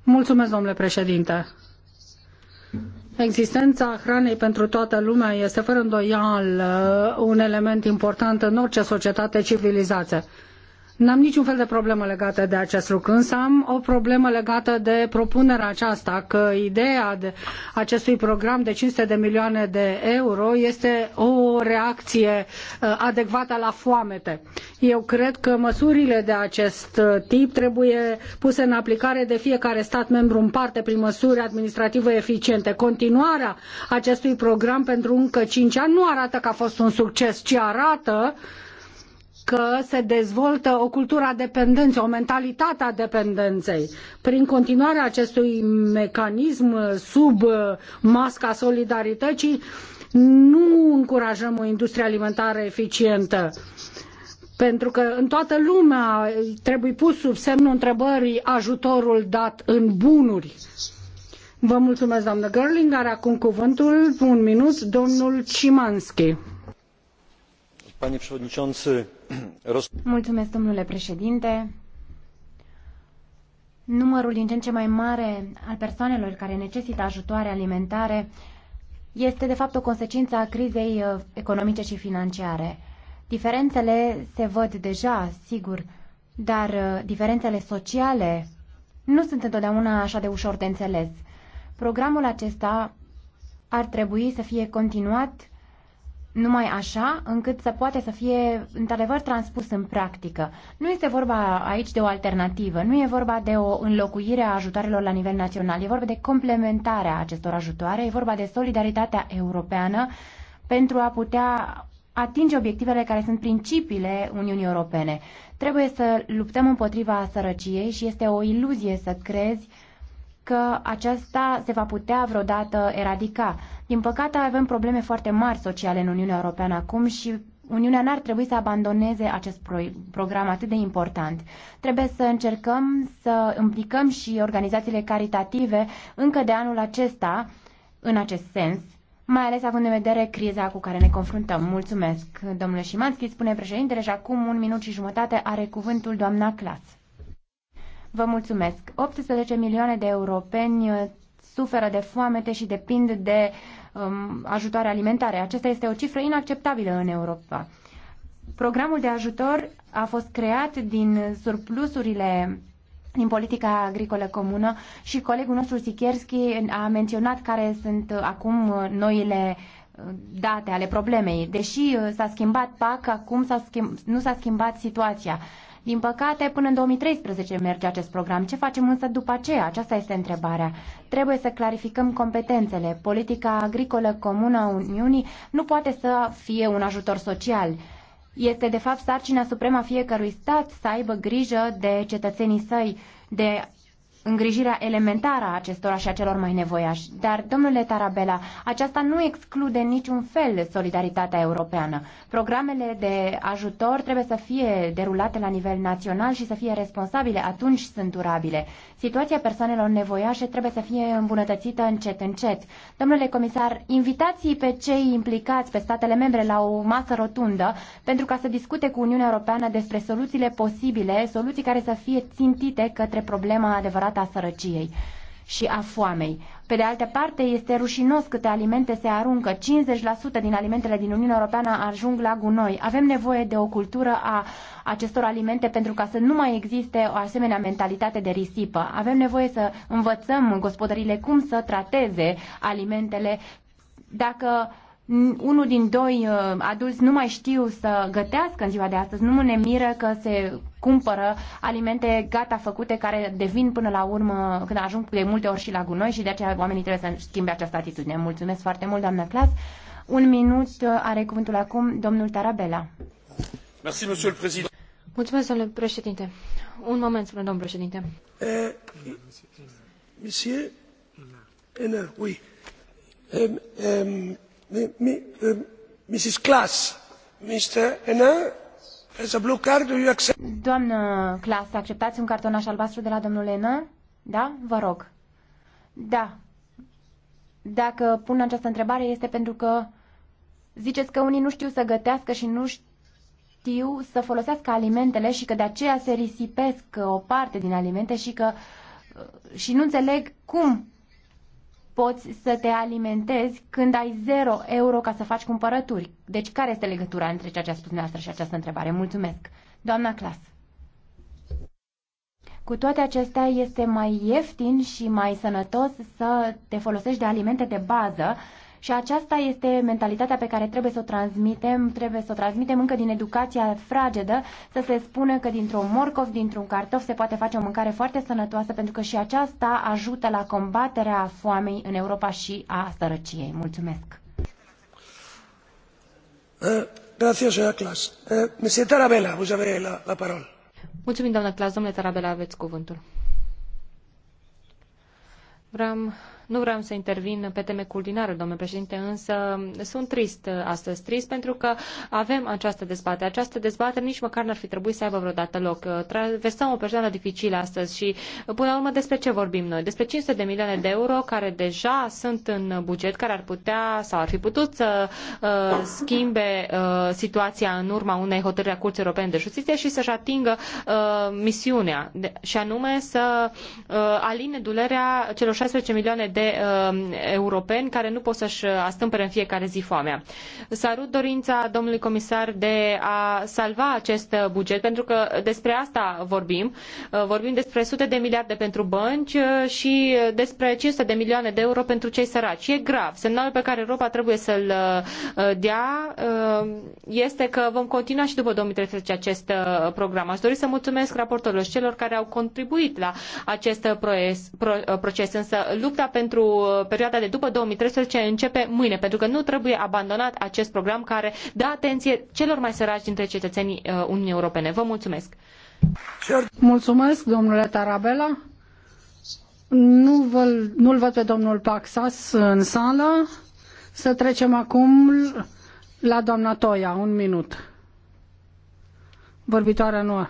Mulțumesc, domnule președinte. Existența hranei pentru toată lumea este fără îndoială un element important în orice societate civilizată. N-am niciun fel de problemă legată de acest lucru, însă am o problemă legată de propunerea aceasta, că ideea de acestui program de 500 de milioane de euro este o reacție uh, adecvată la foamete. Eu cred că măsurile de acest uh, tip trebuie puse în aplicare de fiecare stat membru în parte prin măsuri administrative eficiente. Continuarea acestui program pentru încă cinci ani nu arată că a fost un succes, ci arată uh, că se dezvoltă o cultură a dependenței, o mentalitate a dependenței. Prin continuarea acestui mecanism sub masca solidarității, nu încurajăm o industrie alimentară eficientă pentru că în toată lumea trebuie pus sub semnul întrebării ajutorul dat în bunuri. Vă mulțumesc, doamnă Gerling. Are acum cuvântul, un minut, domnul Cimanski. Panie przewodniczący, Mulțumesc, domnule președinte. Numărul din ce în ce mai mare al persoanelor care necesită ajutoare alimentare este de fapt o consecință a crizei uh, economice și financiare. Diferențele se văd deja, sigur, dar uh, diferențele sociale nu sunt întotdeauna așa de ușor de înțeles. Programul acesta ar trebui să fie continuat numai așa încât să poate să fie într-adevăr transpus în practică. Nu este vorba aici de o alternativă, nu e vorba de o înlocuire a ajutoarelor la nivel național, e vorba de complementarea acestor ajutoare, e vorba de solidaritatea europeană pentru a putea atinge obiectivele care sunt principiile Uniunii Europene. Trebuie să luptăm împotriva sărăciei și este o iluzie să crezi că aceasta se va putea vreodată eradica. Din păcate, avem probleme foarte mari sociale în Uniunea Europeană acum și Uniunea n-ar trebui să abandoneze acest pro program atât de important. Trebuie să încercăm să implicăm și organizațiile caritative încă de anul acesta în acest sens, mai ales având în vedere criza cu care ne confruntăm. Mulțumesc, domnule Șimanski, spune președintele și acum un minut și jumătate are cuvântul doamna Clas. Vă mulțumesc. 18 milioane de europeni uh, suferă de foamete și depind de um, ajutoare alimentare. Acesta este o cifră inacceptabilă în Europa. Programul de ajutor a fost creat din surplusurile din politica agricolă comună și colegul nostru Sikierski a menționat care sunt uh, acum uh, noile date ale problemei. Deși s-a schimbat PAC, acum s-a schimb, nu s-a schimbat situația. Din păcate, până în 2013 merge acest program. Ce facem însă după aceea? Aceasta este întrebarea. Trebuie să clarificăm competențele. Politica agricolă comună a Uniunii nu poate să fie un ajutor social. Este, de fapt, sarcina supremă a fiecărui stat să aibă grijă de cetățenii săi, de îngrijirea elementară a acestora și a celor mai nevoiași. Dar, domnule Tarabela, aceasta nu exclude niciun fel solidaritatea europeană. Programele de ajutor trebuie să fie derulate la nivel național și să fie responsabile, atunci sunt durabile. Situația persoanelor nevoiașe trebuie să fie îmbunătățită încet, încet. Domnule comisar, invitații pe cei implicați, pe statele membre, la o masă rotundă pentru ca să discute cu Uniunea Europeană despre soluțiile posibile, soluții care să fie țintite către problema adevărată durata sărăciei și a foamei. Pe de altă parte, este rușinos câte alimente se aruncă. 50% din alimentele din Uniunea Europeană ajung la gunoi. Avem nevoie de o cultură a acestor alimente pentru ca să nu mai existe o asemenea mentalitate de risipă. Avem nevoie să învățăm în gospodările cum să trateze alimentele dacă unul din doi uh, adulți nu mai știu să gătească în ziua de astăzi, nu ne miră că se cumpără alimente gata făcute care devin până la urmă, când ajung de multe ori și la gunoi și de aceea oamenii trebuie să schimbe această atitudine. Mulțumesc foarte mult, doamna Clas. Un minut uh, are cuvântul acum domnul Tarabella. Merci, monsieur le président. Mulțumesc, domnule președinte. Un moment, spune domnul președinte. Eh, monsieur, Ena, oui doamnă klass acceptați un cartonaș albastru de la domnul lehne? da? vă rog. da. dacă pun această întrebare este pentru că ziceți că unii nu știu să gătească și nu știu să folosească alimentele și că de aceea se risipesc o parte din alimente și că uh, și nu înțeleg cum poți să te alimentezi când ai 0 euro ca să faci cumpărături. Deci care este legătura între ceea ce a spus dumneavoastră și această întrebare? Mulțumesc. Doamna Clas. Cu toate acestea, este mai ieftin și mai sănătos să te folosești de alimente de bază și aceasta este mentalitatea pe care trebuie să o transmitem, trebuie să o transmitem încă din educația fragedă, să se spună că dintr-un morcov, dintr-un cartof se poate face o mâncare foarte sănătoasă, pentru că și aceasta ajută la combaterea foamei în Europa și a sărăciei. Mulțumesc! Eh, gracias, señora Clas. Uh, eh, Tarabella, vous avez la, la parole. Mulțumim, doamnă Clas. Domnule Tarabella, aveți cuvântul. Vreau nu vreau să intervin pe teme culinare, domnule președinte, însă sunt trist astăzi, trist pentru că avem această dezbatere. Această dezbatere nici măcar n-ar fi trebuit să aibă vreodată loc. Traversăm o perioadă dificilă astăzi și, până la urmă, despre ce vorbim noi? Despre 500 de milioane de euro care deja sunt în buget, care ar putea sau ar fi putut să uh, schimbe uh, situația în urma unei hotărâri a Curții Europene de Justiție și să-și atingă uh, misiunea, de, și anume să uh, aline dulerea celor 16 milioane de de uh, europeni care nu pot să-și uh, astâmpere în fiecare zi foamea. Salut dorința domnului comisar de a salva acest uh, buget, pentru că despre asta vorbim. Uh, vorbim despre sute de miliarde pentru bănci și despre 500 de milioane de euro pentru cei săraci. E grav. Semnalul pe care Europa trebuie să-l dea este că vom continua și după 2013 acest program. Aș dori să mulțumesc raportorilor și celor care au contribuit la acest proces, proces însă lupta pentru pentru uh, perioada de după 2013 începe mâine, pentru că nu trebuie abandonat acest program care dă atenție celor mai săraci dintre cetățenii uh, Uniunii Europene. Vă mulțumesc! Mulțumesc, domnule Tarabella. Nu vă, nu-l văd pe domnul Paxas în sală. Să trecem acum la doamna Toia, un minut. Vorbitoarea nu.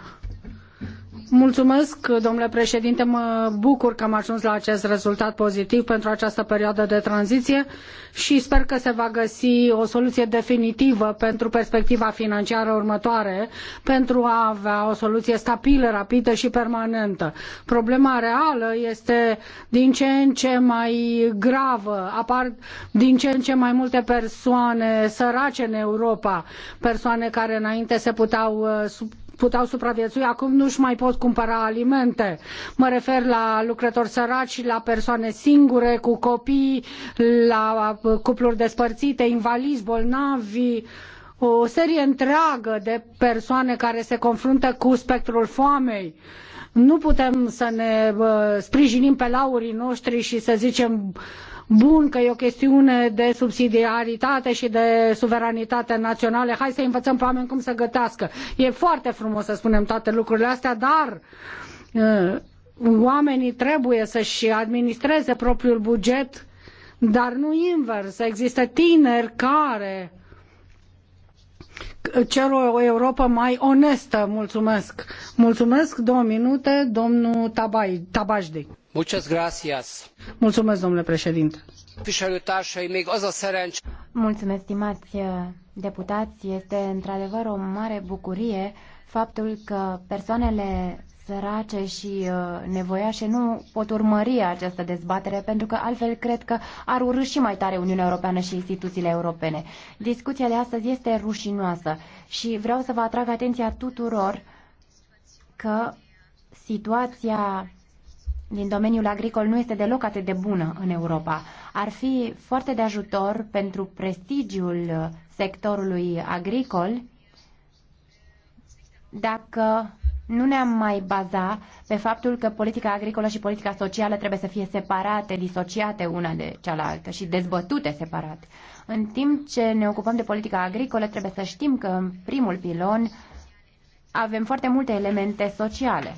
Mulțumesc, domnule președinte, mă bucur că am ajuns la acest rezultat pozitiv pentru această perioadă de tranziție și sper că se va găsi o soluție definitivă pentru perspectiva financiară următoare, pentru a avea o soluție stabilă, rapidă și permanentă. Problema reală este din ce în ce mai gravă, apar din ce în ce mai multe persoane sărace în Europa, persoane care înainte se puteau uh, puteau supraviețui, acum nu își mai pot cumpăra alimente. Mă refer la lucrători săraci, la persoane singure, cu copii, la uh, cupluri despărțite, invalizi, bolnavi, o serie întreagă de persoane care se confruntă cu spectrul foamei. Nu putem să ne uh, sprijinim pe laurii noștri și să zicem bun, că e o chestiune de subsidiaritate și de suveranitate națională, hai să învățăm pe oameni cum să gătească. E foarte frumos să spunem toate lucrurile astea, dar uh, oamenii trebuie să-și administreze propriul buget, dar nu invers. Există tineri care cer o Europa mai onestă. Mulțumesc. Mulțumesc. Două minute, domnul Tabajdi. Mulțumesc, domnule președinte. még az a szerencs... Mulțumesc, stimați uh, deputați. Este într-adevăr o mare bucurie faptul că persoanele sărace și uh, nevoiașe nu pot urmări această dezbatere pentru că altfel cred că ar urâ și mai tare Uniunea Europeană și instituțiile europene. Discuția de astăzi este rușinoasă și vreau să vă atrag atenția tuturor că situația din domeniul agricol nu este deloc atât de bună în Europa. Ar fi foarte de ajutor pentru prestigiul sectorului agricol dacă nu ne-am mai baza pe faptul că politica agricolă și politica socială trebuie să fie separate, disociate una de cealaltă și dezbătute separat. În timp ce ne ocupăm de politica agricolă, trebuie să știm că în primul pilon avem foarte multe elemente sociale.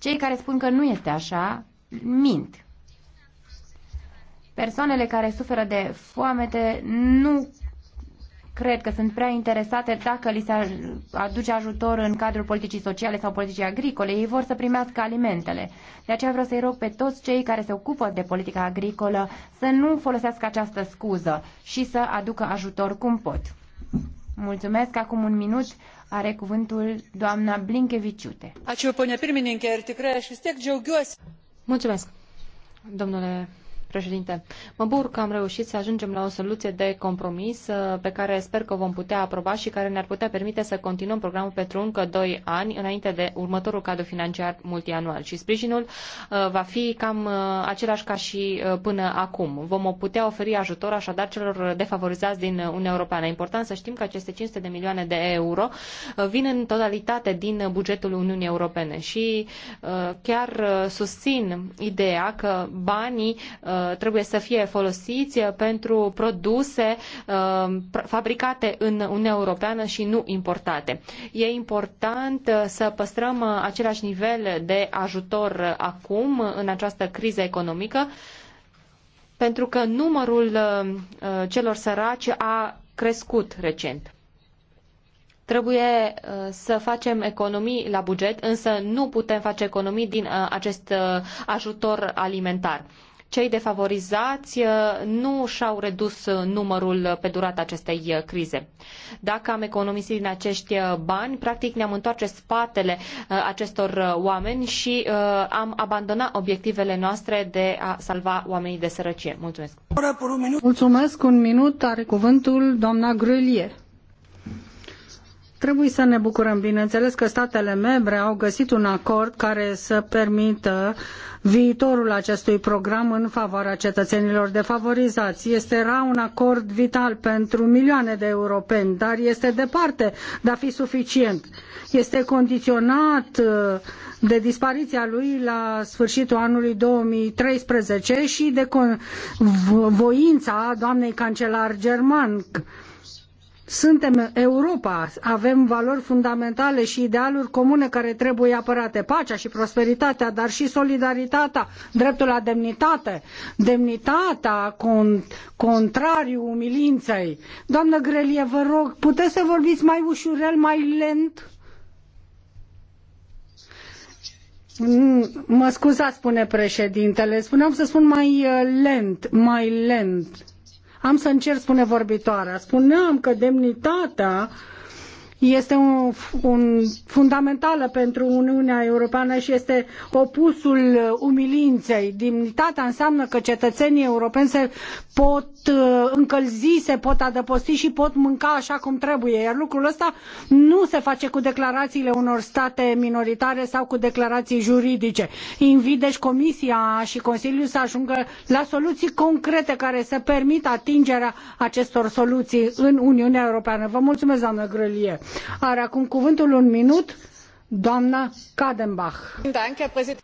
Cei care spun că nu este așa, mint. Persoanele care suferă de foamete nu cred că sunt prea interesate dacă li se aduce ajutor în cadrul politicii sociale sau politicii agricole. Ei vor să primească alimentele. De aceea vreau să-i rog pe toți cei care se ocupă de politica agricolă să nu folosească această scuză și să aducă ajutor cum pot. Mulțumesc. Acum un minut are cuvântul doamna Blinkeviciute. Ačiū, ponia pirmininkė, ir tikrai aš vis tiek džiaugiuosi. Mulțumesc, domnule Președinte, mă bucur că am reușit să ajungem la o soluție de compromis uh, pe care sper că o vom putea aproba și care ne-ar putea permite să continuăm programul pentru încă 2 ani înainte de următorul cadru financiar multianual și sprijinul uh, va fi cam uh, același ca și până acum. Vom putea oferi ajutor așadar celor defavorizați din Uniunea Europeană. E important să știm că aceste 500 de milioane de euro vin în totalitate din bugetul Uniunii Europene și chiar susțin ideea că banii trebuie să fie folosiți pentru produse um, fabricate în Uniunea Europeană și nu importate. E important să păstrăm același nivel de ajutor acum, în această criză economică, pentru că numărul uh, celor săraci a crescut recent trebuie uh, să facem economii la buget, însă nu putem face economii din uh, acest ajutor alimentar cei defavorizați uh, nu și-au redus uh, numărul uh, pe durata acestei crize. Dacă am economisit din acești bani, practic ne-am întoarce spatele acestor oameni și am abandonat obiectivele noastre de a salva oamenii de sărăcie. Mulțumesc! Mulțumesc! Un minut are cuvântul doamna Grelier. Trebuie să ne bucurăm, bineînțeles, că statele membre au găsit un acord care să permită viitorul acestui program în favoarea cetățenilor defavorizați. Este era un acord vital pentru milioane de europeni, dar este departe de a fi suficient. Este condiționat uh, de dispariția lui la sfârșitul anului 2013 și de voința doamnei cancelar german suntem Europa, avem valori fundamentale și idealuri comune care trebuie apărate, pacea și prosperitatea, dar și solidaritatea, dreptul la demnitate, demnitatea con, contrariu umilinței. Doamnă Grelie, vă rog, puteți să vorbiți mai ușurel, mai lent? Mă scuzați, spune președintele, spuneam să spun mai uh, lent, mai lent. Am să încerc, spune vorbitoarea. Spuneam că demnitatea este un, un, fundamentală pentru Uniunea Europeană și este opusul umilinței. Dignitatea înseamnă că cetățenii europeni se pot uh, încălzi, se pot adăposti și pot mânca așa cum trebuie, iar lucrul ăsta nu se face cu declarațiile unor state minoritare sau cu declarații juridice. Invit deci Comisia și Consiliul să ajungă la soluții concrete care să permită atingerea acestor soluții în Uniunea Europeană. Vă mulțumesc, doamnă Grălie. Are acum cuvântul un minut doamna Kadenbach.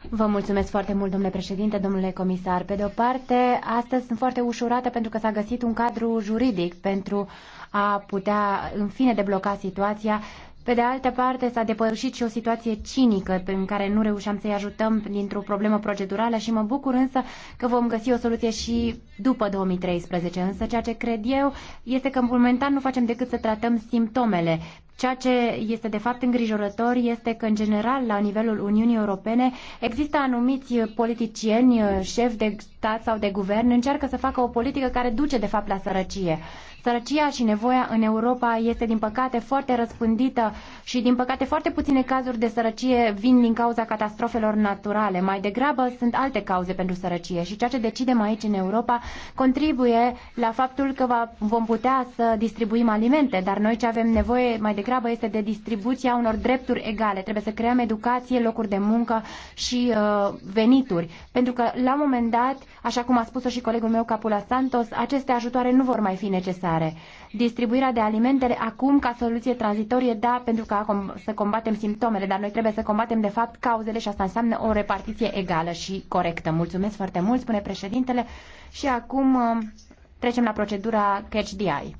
Vă mulțumesc foarte mult, domnule președinte, domnule comisar. Pe de o parte, astăzi sunt foarte ușurată pentru că s-a găsit un cadru juridic pentru a putea, în fine, debloca situația pe de altă parte, s-a depășit și o situație cinică în care nu reușeam să-i ajutăm dintr-o problemă procedurală și mă bucur însă că vom găsi o soluție și după 2013. Însă ceea ce cred eu este că momentan nu facem decât să tratăm simptomele Ceea ce este de fapt îngrijorător este că, în general, la nivelul Uniunii Europene, există anumiți politicieni, șefi de stat sau de guvern, încearcă să facă o politică care duce, de fapt, la sărăcie. Sărăcia și nevoia în Europa este, din păcate, foarte răspândită și, din păcate, foarte puține cazuri de sărăcie vin din cauza catastrofelor naturale. Mai degrabă sunt alte cauze pentru sărăcie și ceea ce decidem aici în Europa contribuie la faptul că va, vom putea să distribuim alimente, dar noi ce avem nevoie mai degrabă este de distribuția unor drepturi egale. Trebuie să creăm educație, locuri de muncă și uh, venituri. Pentru că, la un moment dat, așa cum a spus-o și colegul meu Capula Santos, aceste ajutoare nu vor mai fi necesare alimentare. Distribuirea de alimente acum ca soluție tranzitorie, da, pentru ca să combatem simptomele, dar noi trebuie să combatem de fapt cauzele și asta înseamnă o repartiție egală și corectă. Mulțumesc foarte mult, spune președintele. Și acum um, trecem la procedura Catch the Eye.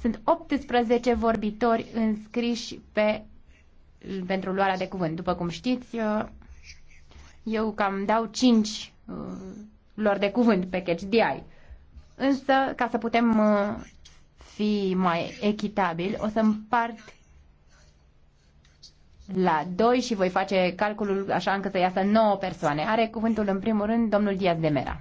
Sunt 18 vorbitori înscriși pe, pentru luarea de cuvânt. După cum știți, uh, eu cam dau 5 uh, lor de cuvânt pe Catch the Eye. Însă, ca să putem uh, fi mai echitabil, o să împart la 2 și voi face calculul așa încât să iasă 9 persoane. Are cuvântul în primul rând domnul Diaz de Mera.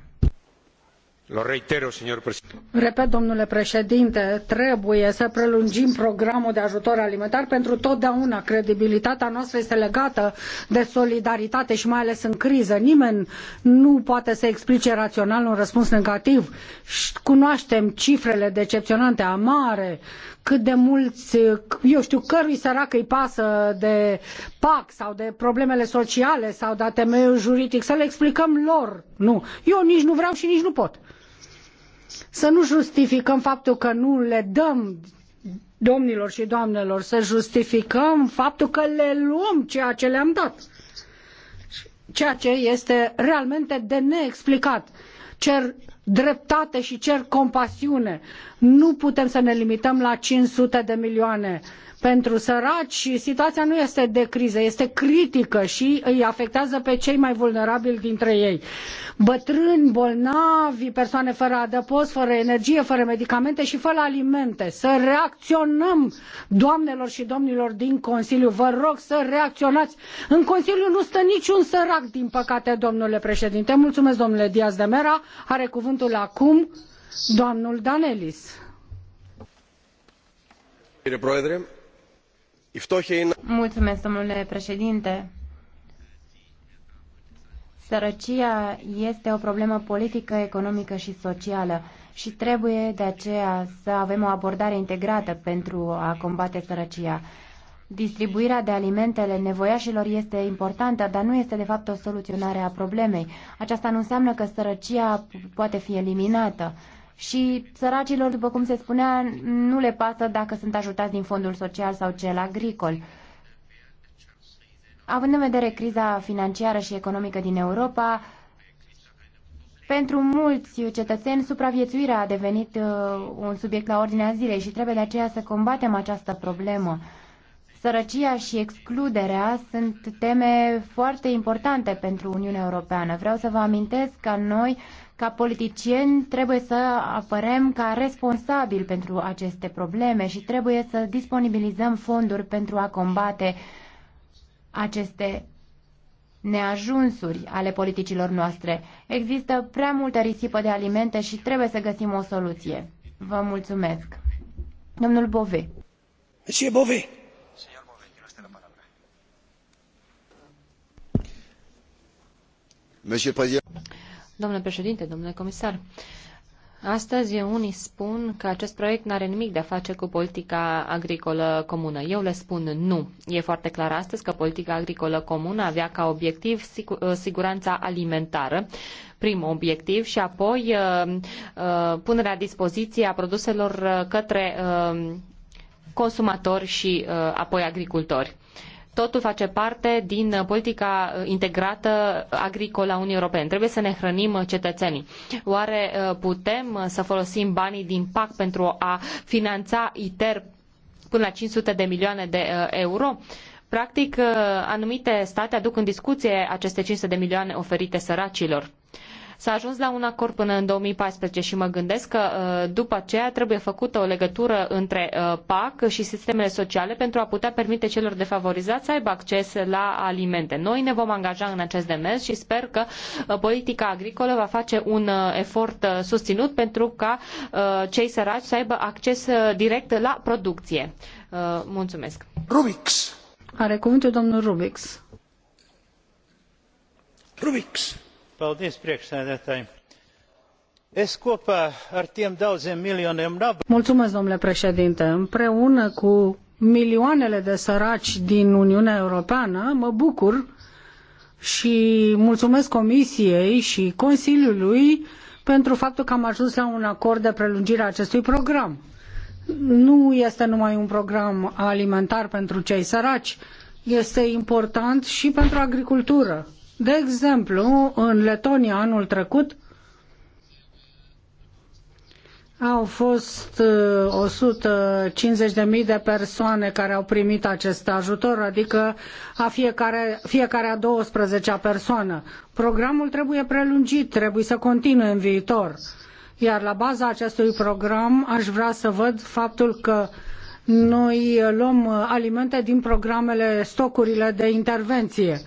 Repet, domnule președinte, trebuie să prelungim programul de ajutor alimentar pentru totdeauna. Credibilitatea noastră este legată de solidaritate și mai ales în criză. Nimeni nu poate să explice raional un răspuns negativ. cunoatem cifrele decepionante amare, cât de muli eu știu, cărui sărac îi pasă de PAC sau de problemele sociale sau de temeiul juridic, să le explicăm lor. Nu, eu nici nu vreau și nici nu pot. Să nu justificăm faptul că nu le dăm domnilor și doamnelor, să justificăm faptul că le luăm ceea ce le-am dat. Ceea ce este realmente de neexplicat. Cer dreptate și cer compasiune. Nu putem să ne limităm la 500 de milioane. Pentru săraci situația nu este de criză, este critică și îi afectează pe cei mai vulnerabili dintre ei. Bătrâni, bolnavi, persoane fără adăpost, fără energie, fără medicamente și fără alimente. Să reacționăm, doamnelor și domnilor din Consiliu, vă rog să reacționați. În Consiliu nu stă niciun sărac, din păcate, domnule președinte. Mulțumesc, domnule Diaz de Mera. Are cuvântul acum domnul Danelis. Κύριε Mulțumesc, domnule președinte. Sărăcia este o problemă politică, economică și socială și trebuie de aceea să avem o abordare integrată pentru a combate sărăcia. Distribuirea de alimentele nevoiașilor este importantă, dar nu este de fapt o soluționare a problemei. Aceasta nu înseamnă că sărăcia poate fi eliminată și săracilor, după cum se spunea, nu le pasă dacă sunt ajutați din fondul social sau cel agricol. Având în vedere criza financiară și economică din Europa, pentru mulți cetățeni, supraviețuirea a devenit uh, un subiect la ordinea zilei și trebuie de aceea să combatem această problemă. Sărăcia și excluderea sunt teme foarte importante pentru Uniunea Europeană. Vreau să vă amintesc ca noi ca politicieni trebuie să apărem ca responsabili pentru aceste probleme și trebuie să disponibilizăm fonduri pentru a combate aceste neajunsuri ale politicilor noastre. Există prea multă risipă de alimente și trebuie să găsim o soluție. Vă mulțumesc. Domnul Bove. Monsieur Bove. Monsieur Président. Domnule președinte, domnule comisar, astăzi unii spun că acest proiect nu are nimic de a face cu politica agricolă comună. Eu le spun nu. E foarte clar astăzi că politica agricolă comună avea ca obiectiv uh, siguranța alimentară, prim obiectiv, și apoi uh, uh, punerea dispoziției a produselor către consumatori și apoi agricultori. Totul face parte din politica integrată agricolă a Uniunii Europene. Trebuie să ne hrănim cetățenii. Oare uh, putem uh, să folosim banii din PAC pentru a finanța ITER până la 500 de milioane de uh, euro? Practic, anumite state aduc în discuție aceste 500 de milioane oferite săracilor. S-a ajuns la un acord până în 2014 și mă gândesc că uh, după aceea trebuie făcută o legătură între uh, PAC și sistemele sociale pentru a putea permite celor defavorizați să aibă acces la alimente. Noi ne vom angaja în acest demers și sper că uh, politica agricolă va face un efort susținut pentru ca cei săraci să aibă acces direct la producție. Mulțumesc. Rubix. Are cuvântul domnul Rubix. Rubix. Es kopā ar tiem daudziem miljoniem Mulțumesc, domnule președinte. Împreună cu milioanele de săraci din Uniunea Europeană, mă bucur și mulțumesc Comisiei și Consiliului pentru faptul că am ajuns la un acord de prelungire a acestui program. Nu este numai un program alimentar pentru cei săraci, este important și pentru agricultură. De exemplu, în Letonia anul trecut au fost 150.000 uh, de persoane care au primit acest ajutor, adică a fiecare, fiecare a 12-a persoană. Programul trebuie prelungit, trebuie să continue în viitor. Iar la baza acestui program aș vrea să văd faptul că noi luăm uh, alimente din programele, stocurile de intervenție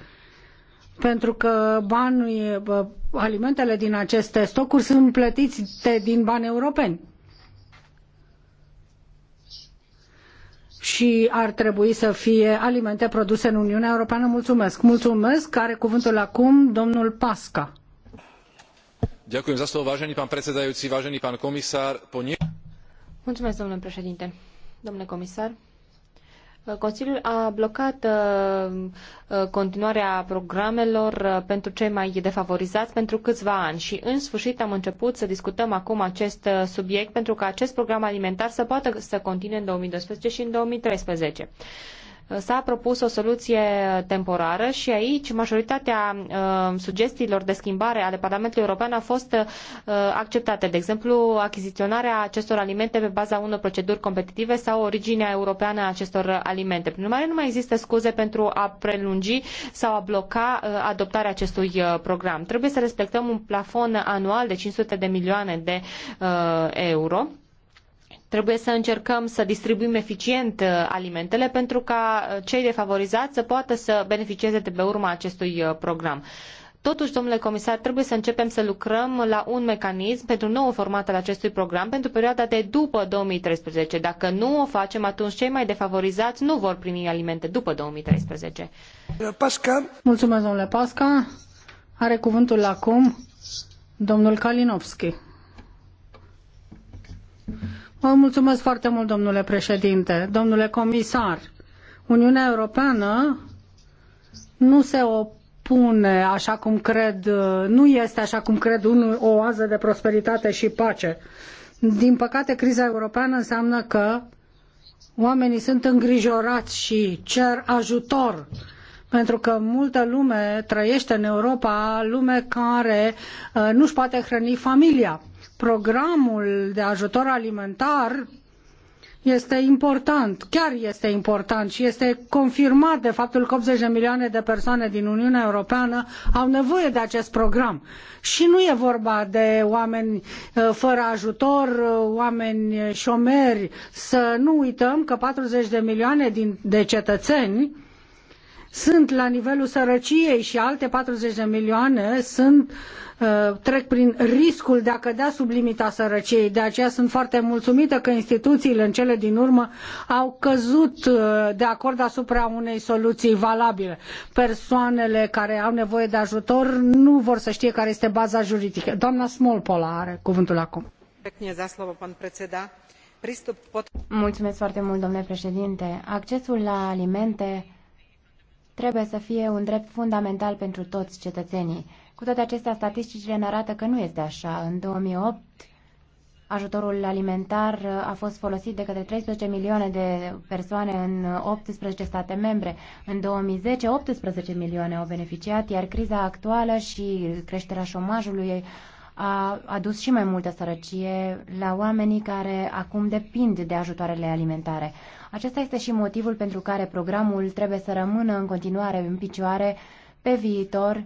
pentru că banii, alimentele din aceste stocuri sunt plătite din bani europeni. și ar trebui să fie alimente produse în Uniunea Europeană. Mulțumesc. Mulțumesc. care cuvântul acum domnul Pasca. Ďakujem za slovo, vážený pán predsedajúci, vážený pán komisár. Po nie... Mulțumesc, domnule președinte. Domnule comisar, Consiliul a blocat uh, uh, continuarea programelor uh, pentru cei mai defavorizați pentru câțiva ani și în sfârșit am început să discutăm acum acest subiect pentru că acest program alimentar să poată să continue în 2012 și în 2013 s-a propus o soluție temporară și aici majoritatea uh, sugestiilor de schimbare ale Parlamentului European a fost uh, acceptate. De exemplu, achiziționarea acestor alimente pe baza unor proceduri competitive sau originea europeană a acestor alimente. Prin urmare, nu mai există scuze pentru a prelungi sau a bloca uh, adoptarea acestui program. Trebuie să respectăm un plafon anual de 500 de milioane de euro Trebuie să încercăm să distribuim eficient uh, alimentele pentru ca uh, cei defavorizați să poată să beneficieze de pe urma acestui uh, program. Totuși, domnule comisar, trebuie să începem să lucrăm la un mecanism pentru nou format al acestui program pentru perioada de după 2013. Dacă nu o facem, atunci cei mai defavorizați nu vor primi alimente după 2013. Pasca. Mulțumesc, domnule Pasca. Are cuvântul acum domnul Kalinovski. Vă mulțumesc foarte mult, domnule președinte, domnule comisar. Uniunea Europeană nu se opune așa cum cred, nu este așa cum cred un, o oază de prosperitate și pace. Din păcate, criza europeană înseamnă că oamenii sunt îngrijorați și cer ajutor pentru că multă lume trăiește în Europa, lume care uh, nu-și poate hrăni familia programul de ajutor alimentar este important, chiar este important și este confirmat de faptul că 80 de milioane de persoane din Uniunea Europeană au nevoie de acest program. Și nu e vorba de oameni uh, fără ajutor, uh, oameni șomeri. Să nu uităm că 40 de milioane din, de cetățeni sunt la nivelul sărăciei și alte 40 de milioane sunt uh, Uh, trec prin riscul de a cădea sub limita sărăciei. De aceea sunt foarte mulțumită că instituțiile în cele din urmă au căzut uh, de acord asupra unei soluții valabile. Persoanele care au nevoie de ajutor nu vor să știe care este baza juridică. Doamna Smolpola are cuvântul acum. Mulțumesc foarte mult, domnule președinte. Accesul la alimente trebuie să fie un drept fundamental pentru toți cetățenii. Cu toate acestea, statisticile ne arată că nu este așa. În 2008, ajutorul alimentar a fost folosit de către 13 milioane de persoane în 18 state membre. În 2010, 18 milioane au beneficiat, iar criza actuală și creșterea șomajului a adus și mai multă sărăcie la oamenii care acum depind de ajutoarele alimentare. Acesta este și motivul pentru care programul trebuie să rămână în continuare în picioare pe viitor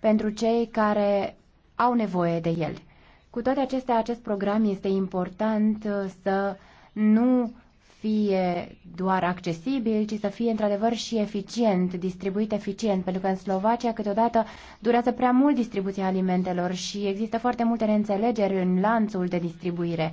pentru cei care au nevoie de el. Cu toate acestea, acest program este important uh, să nu fie doar accesibil, ci să fie într-adevăr și eficient, distribuit eficient, pentru că în Slovacia câteodată durează prea mult distribuția alimentelor și există foarte multe neînțelegeri în lanțul de distribuire.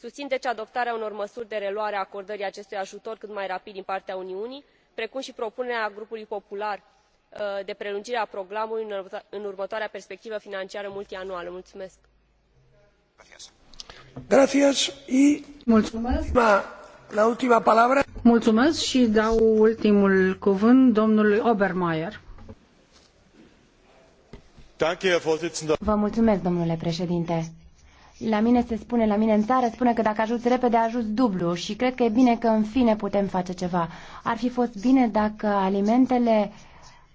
susin deci adoptarea unor măsuri de reluare a acordării acestui ajutor cât mai rapid din partea uniunii precum i propunerea grupului popular uh, de prelungire a programului în următoarea perspectivă financiară multianuală. mulțumesc, la mine se spune, la mine în țară, spune că dacă ajuți repede, ajuți dublu și cred că e bine că în fine putem face ceva. Ar fi fost bine dacă alimentele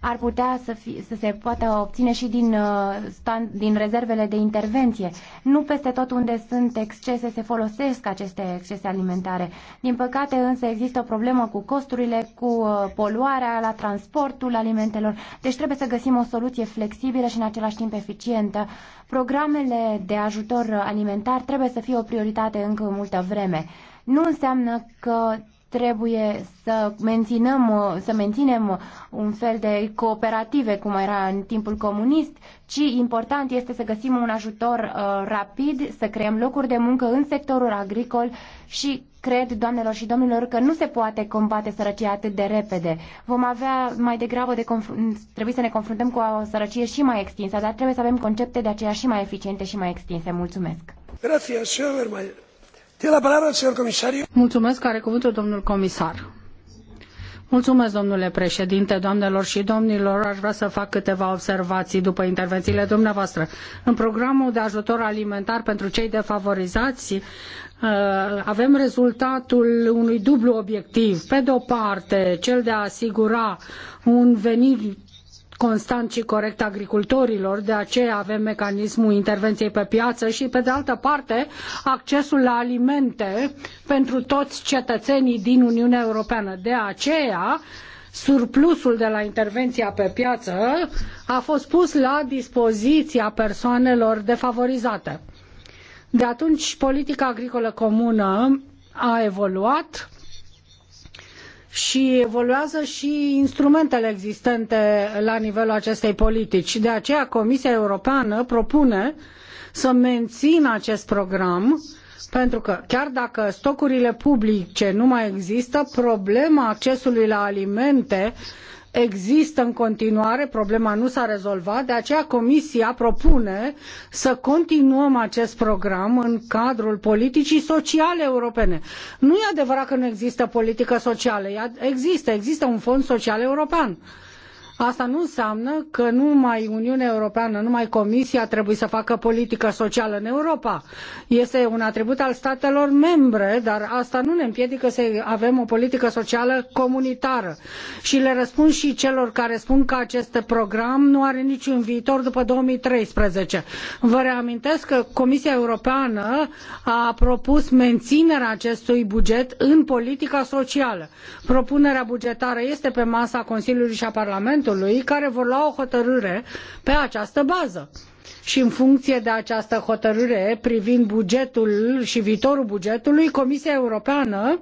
ar putea să, fi, să se poată obține și din, uh, stand, din rezervele de intervenție. Nu peste tot unde sunt excese se folosesc aceste excese alimentare. Din păcate însă există o problemă cu costurile, cu uh, poluarea, la transportul alimentelor. Deci trebuie să găsim o soluție flexibilă și în același timp eficientă. Programele de ajutor alimentar trebuie să fie o prioritate încă multă vreme. Nu înseamnă că trebuie să menținem, să menținem un fel de cooperative, cum era în timpul comunist, ci important este să găsim un ajutor uh, rapid, să creăm locuri de muncă în sectorul agricol și cred, doamnelor și domnilor, că nu se poate combate sărăcia atât de repede. Vom avea mai degrabă de trebuie să ne confruntăm cu o sărăcie și mai extinsă, dar trebuie să avem concepte de aceea și mai eficiente și mai extinse. Mulțumesc! Gracias, Mulțumesc, are cuvântul domnul comisar. Mulțumesc, domnule președinte, doamnelor și domnilor. Aș vrea să fac câteva observații după intervențiile dumneavoastră. În programul de ajutor alimentar pentru cei defavorizați uh, avem rezultatul unui dublu obiectiv. Pe de o parte, cel de a asigura un venit constant și corect agricultorilor, de aceea avem mecanismul intervenției pe piață și, pe de altă parte, accesul la alimente pentru toți cetățenii din Uniunea Europeană. De aceea, surplusul de la intervenția pe piață a fost pus la dispoziția persoanelor defavorizate. De atunci, politica agricolă comună a evoluat și evoluează și instrumentele existente la nivelul acestei politici. De aceea Comisia Europeană propune să mențină acest program pentru că chiar dacă stocurile publice nu mai există, problema accesului la alimente există în continuare, problema nu s-a rezolvat, de aceea Comisia propune să continuăm acest program în cadrul politicii sociale europene. Nu e adevărat că nu există politică socială, există, există un fond social european Asta nu înseamnă că numai Uniunea Europeană, numai Comisia trebuie să facă politică socială în Europa. Este un atribut al statelor membre, dar asta nu ne împiedică să avem o politică socială comunitară. Și le răspund și celor care spun că acest program nu are niciun viitor după 2013. Vă reamintesc că Comisia Europeană a propus menținerea acestui buget în politica socială. Propunerea bugetară este pe masa Consiliului și a Parlamentului Parlamentului care vor lua o hotărâre pe această bază. Și în funcție de această hotărâre privind bugetul și viitorul bugetului, Comisia Europeană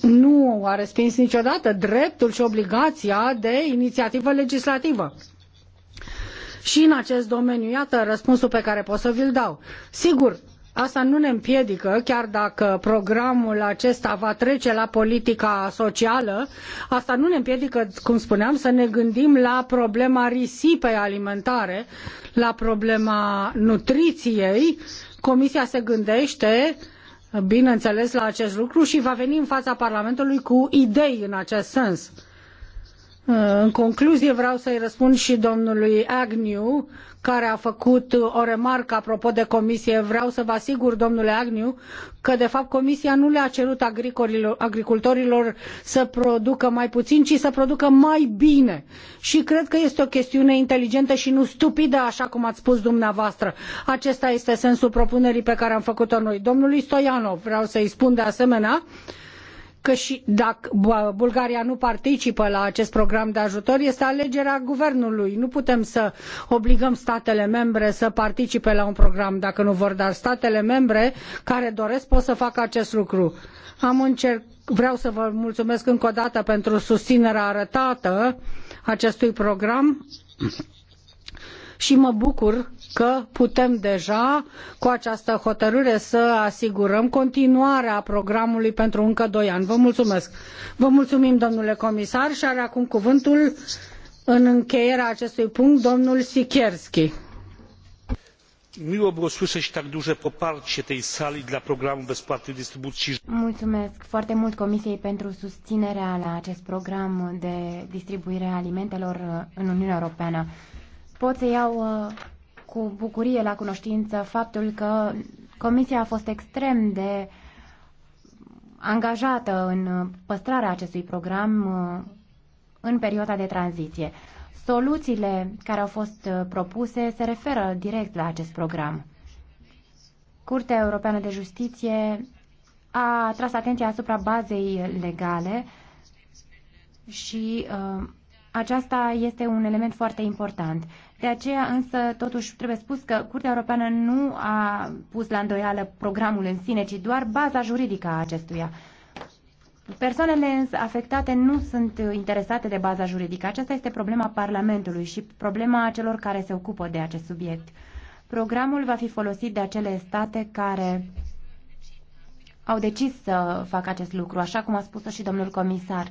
nu a respins niciodată dreptul și obligația de inițiativă legislativă. Și în acest domeniu, iată răspunsul pe care pot să vi-l dau. Sigur, Asta nu ne împiedică, chiar dacă programul acesta va trece la politica socială, asta nu ne împiedică, cum spuneam, să ne gândim la problema risipei alimentare, la problema nutriției. Comisia se gândește, bineînțeles, la acest lucru și va veni în fața Parlamentului cu idei în acest sens. În concluzie vreau să-i răspund și domnului Agnew, care a făcut uh, o remarcă apropo de comisie. Vreau să vă asigur, domnule Agniu, că de fapt comisia nu le-a cerut agricultorilor să producă mai puțin, ci să producă mai bine. Și cred că este o chestiune inteligentă și nu stupidă, așa cum ați spus dumneavoastră. Acesta este sensul propunerii pe care am făcut-o noi. Domnului Stoianov vreau să-i spun de asemenea, că și dacă Bulgaria nu participă la acest program de ajutor, este alegerea guvernului. Nu putem să obligăm statele membre să participe la un program dacă nu vor, dar statele membre care doresc pot să facă acest lucru. Am încerc, vreau să vă mulțumesc încă o dată pentru susținerea arătată acestui program și mă bucur că putem deja cu această hotărâre să asigurăm continuarea programului pentru încă doi ani. Vă mulțumesc. Vă mulțumim, domnule comisar, și are acum cuvântul în încheierea acestui punct domnul Sikierski. Miło tak duże poparcie tej sali dla programu bezpłatnej dystrybucji. Mulțumesc foarte mult Comisiei pentru susținerea la acest program de distribuire a alimentelor în Uniunea Europeană. Pot să iau uh, cu bucurie la cunoștință faptul că Comisia a fost extrem de angajată în păstrarea acestui program uh, în perioada de tranziție. Soluțiile care au fost uh, propuse se referă direct la acest program. Curtea Europeană de Justiție a tras atenția asupra bazei legale și uh, aceasta este un element foarte important. De aceea însă totuși trebuie spus că Curtea Europeană nu a pus la îndoială programul în sine, ci doar baza juridică a acestuia. Persoanele afectate nu sunt interesate de baza juridică. Aceasta este problema Parlamentului și problema celor care se ocupă de acest subiect. Programul va fi folosit de acele state care au decis să facă acest lucru, așa cum a spus și domnul comisar.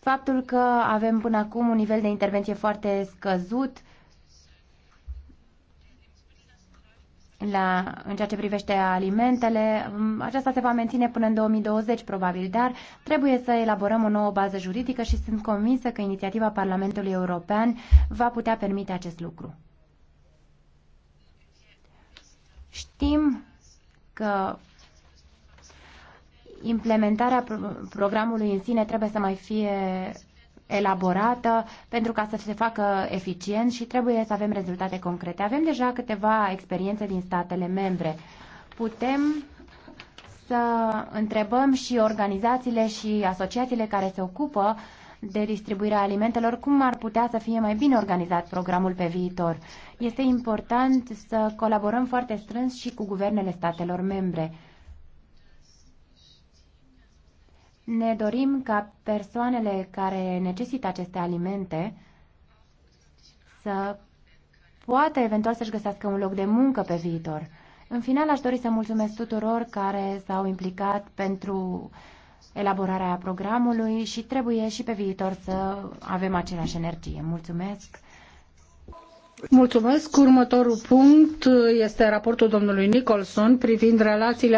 Faptul că avem până acum un nivel de intervenție foarte scăzut la, în ceea ce privește alimentele, aceasta se va menține până în 2020 probabil, dar trebuie să elaborăm o nouă bază juridică și sunt convinsă că inițiativa Parlamentului European va putea permite acest lucru. Știm că implementarea programului în sine trebuie să mai fie elaborată pentru ca să se facă eficient și trebuie să avem rezultate concrete. Avem deja câteva experiențe din statele membre. Putem să întrebăm și organizațiile și asociațiile care se ocupă de distribuirea alimentelor, cum ar putea să fie mai bine organizat programul pe viitor. Este important să colaborăm foarte strâns și cu guvernele statelor membre. Ne dorim ca persoanele care necesită aceste alimente să poată eventual să-și găsească un loc de muncă pe viitor. În final, aș dori să mulțumesc tuturor care s-au implicat pentru elaborarea programului și trebuie și pe viitor să avem aceeași energie. Mulțumesc! Mulțumesc. Următorul punct este raportul domnului Nicholson privind relațiile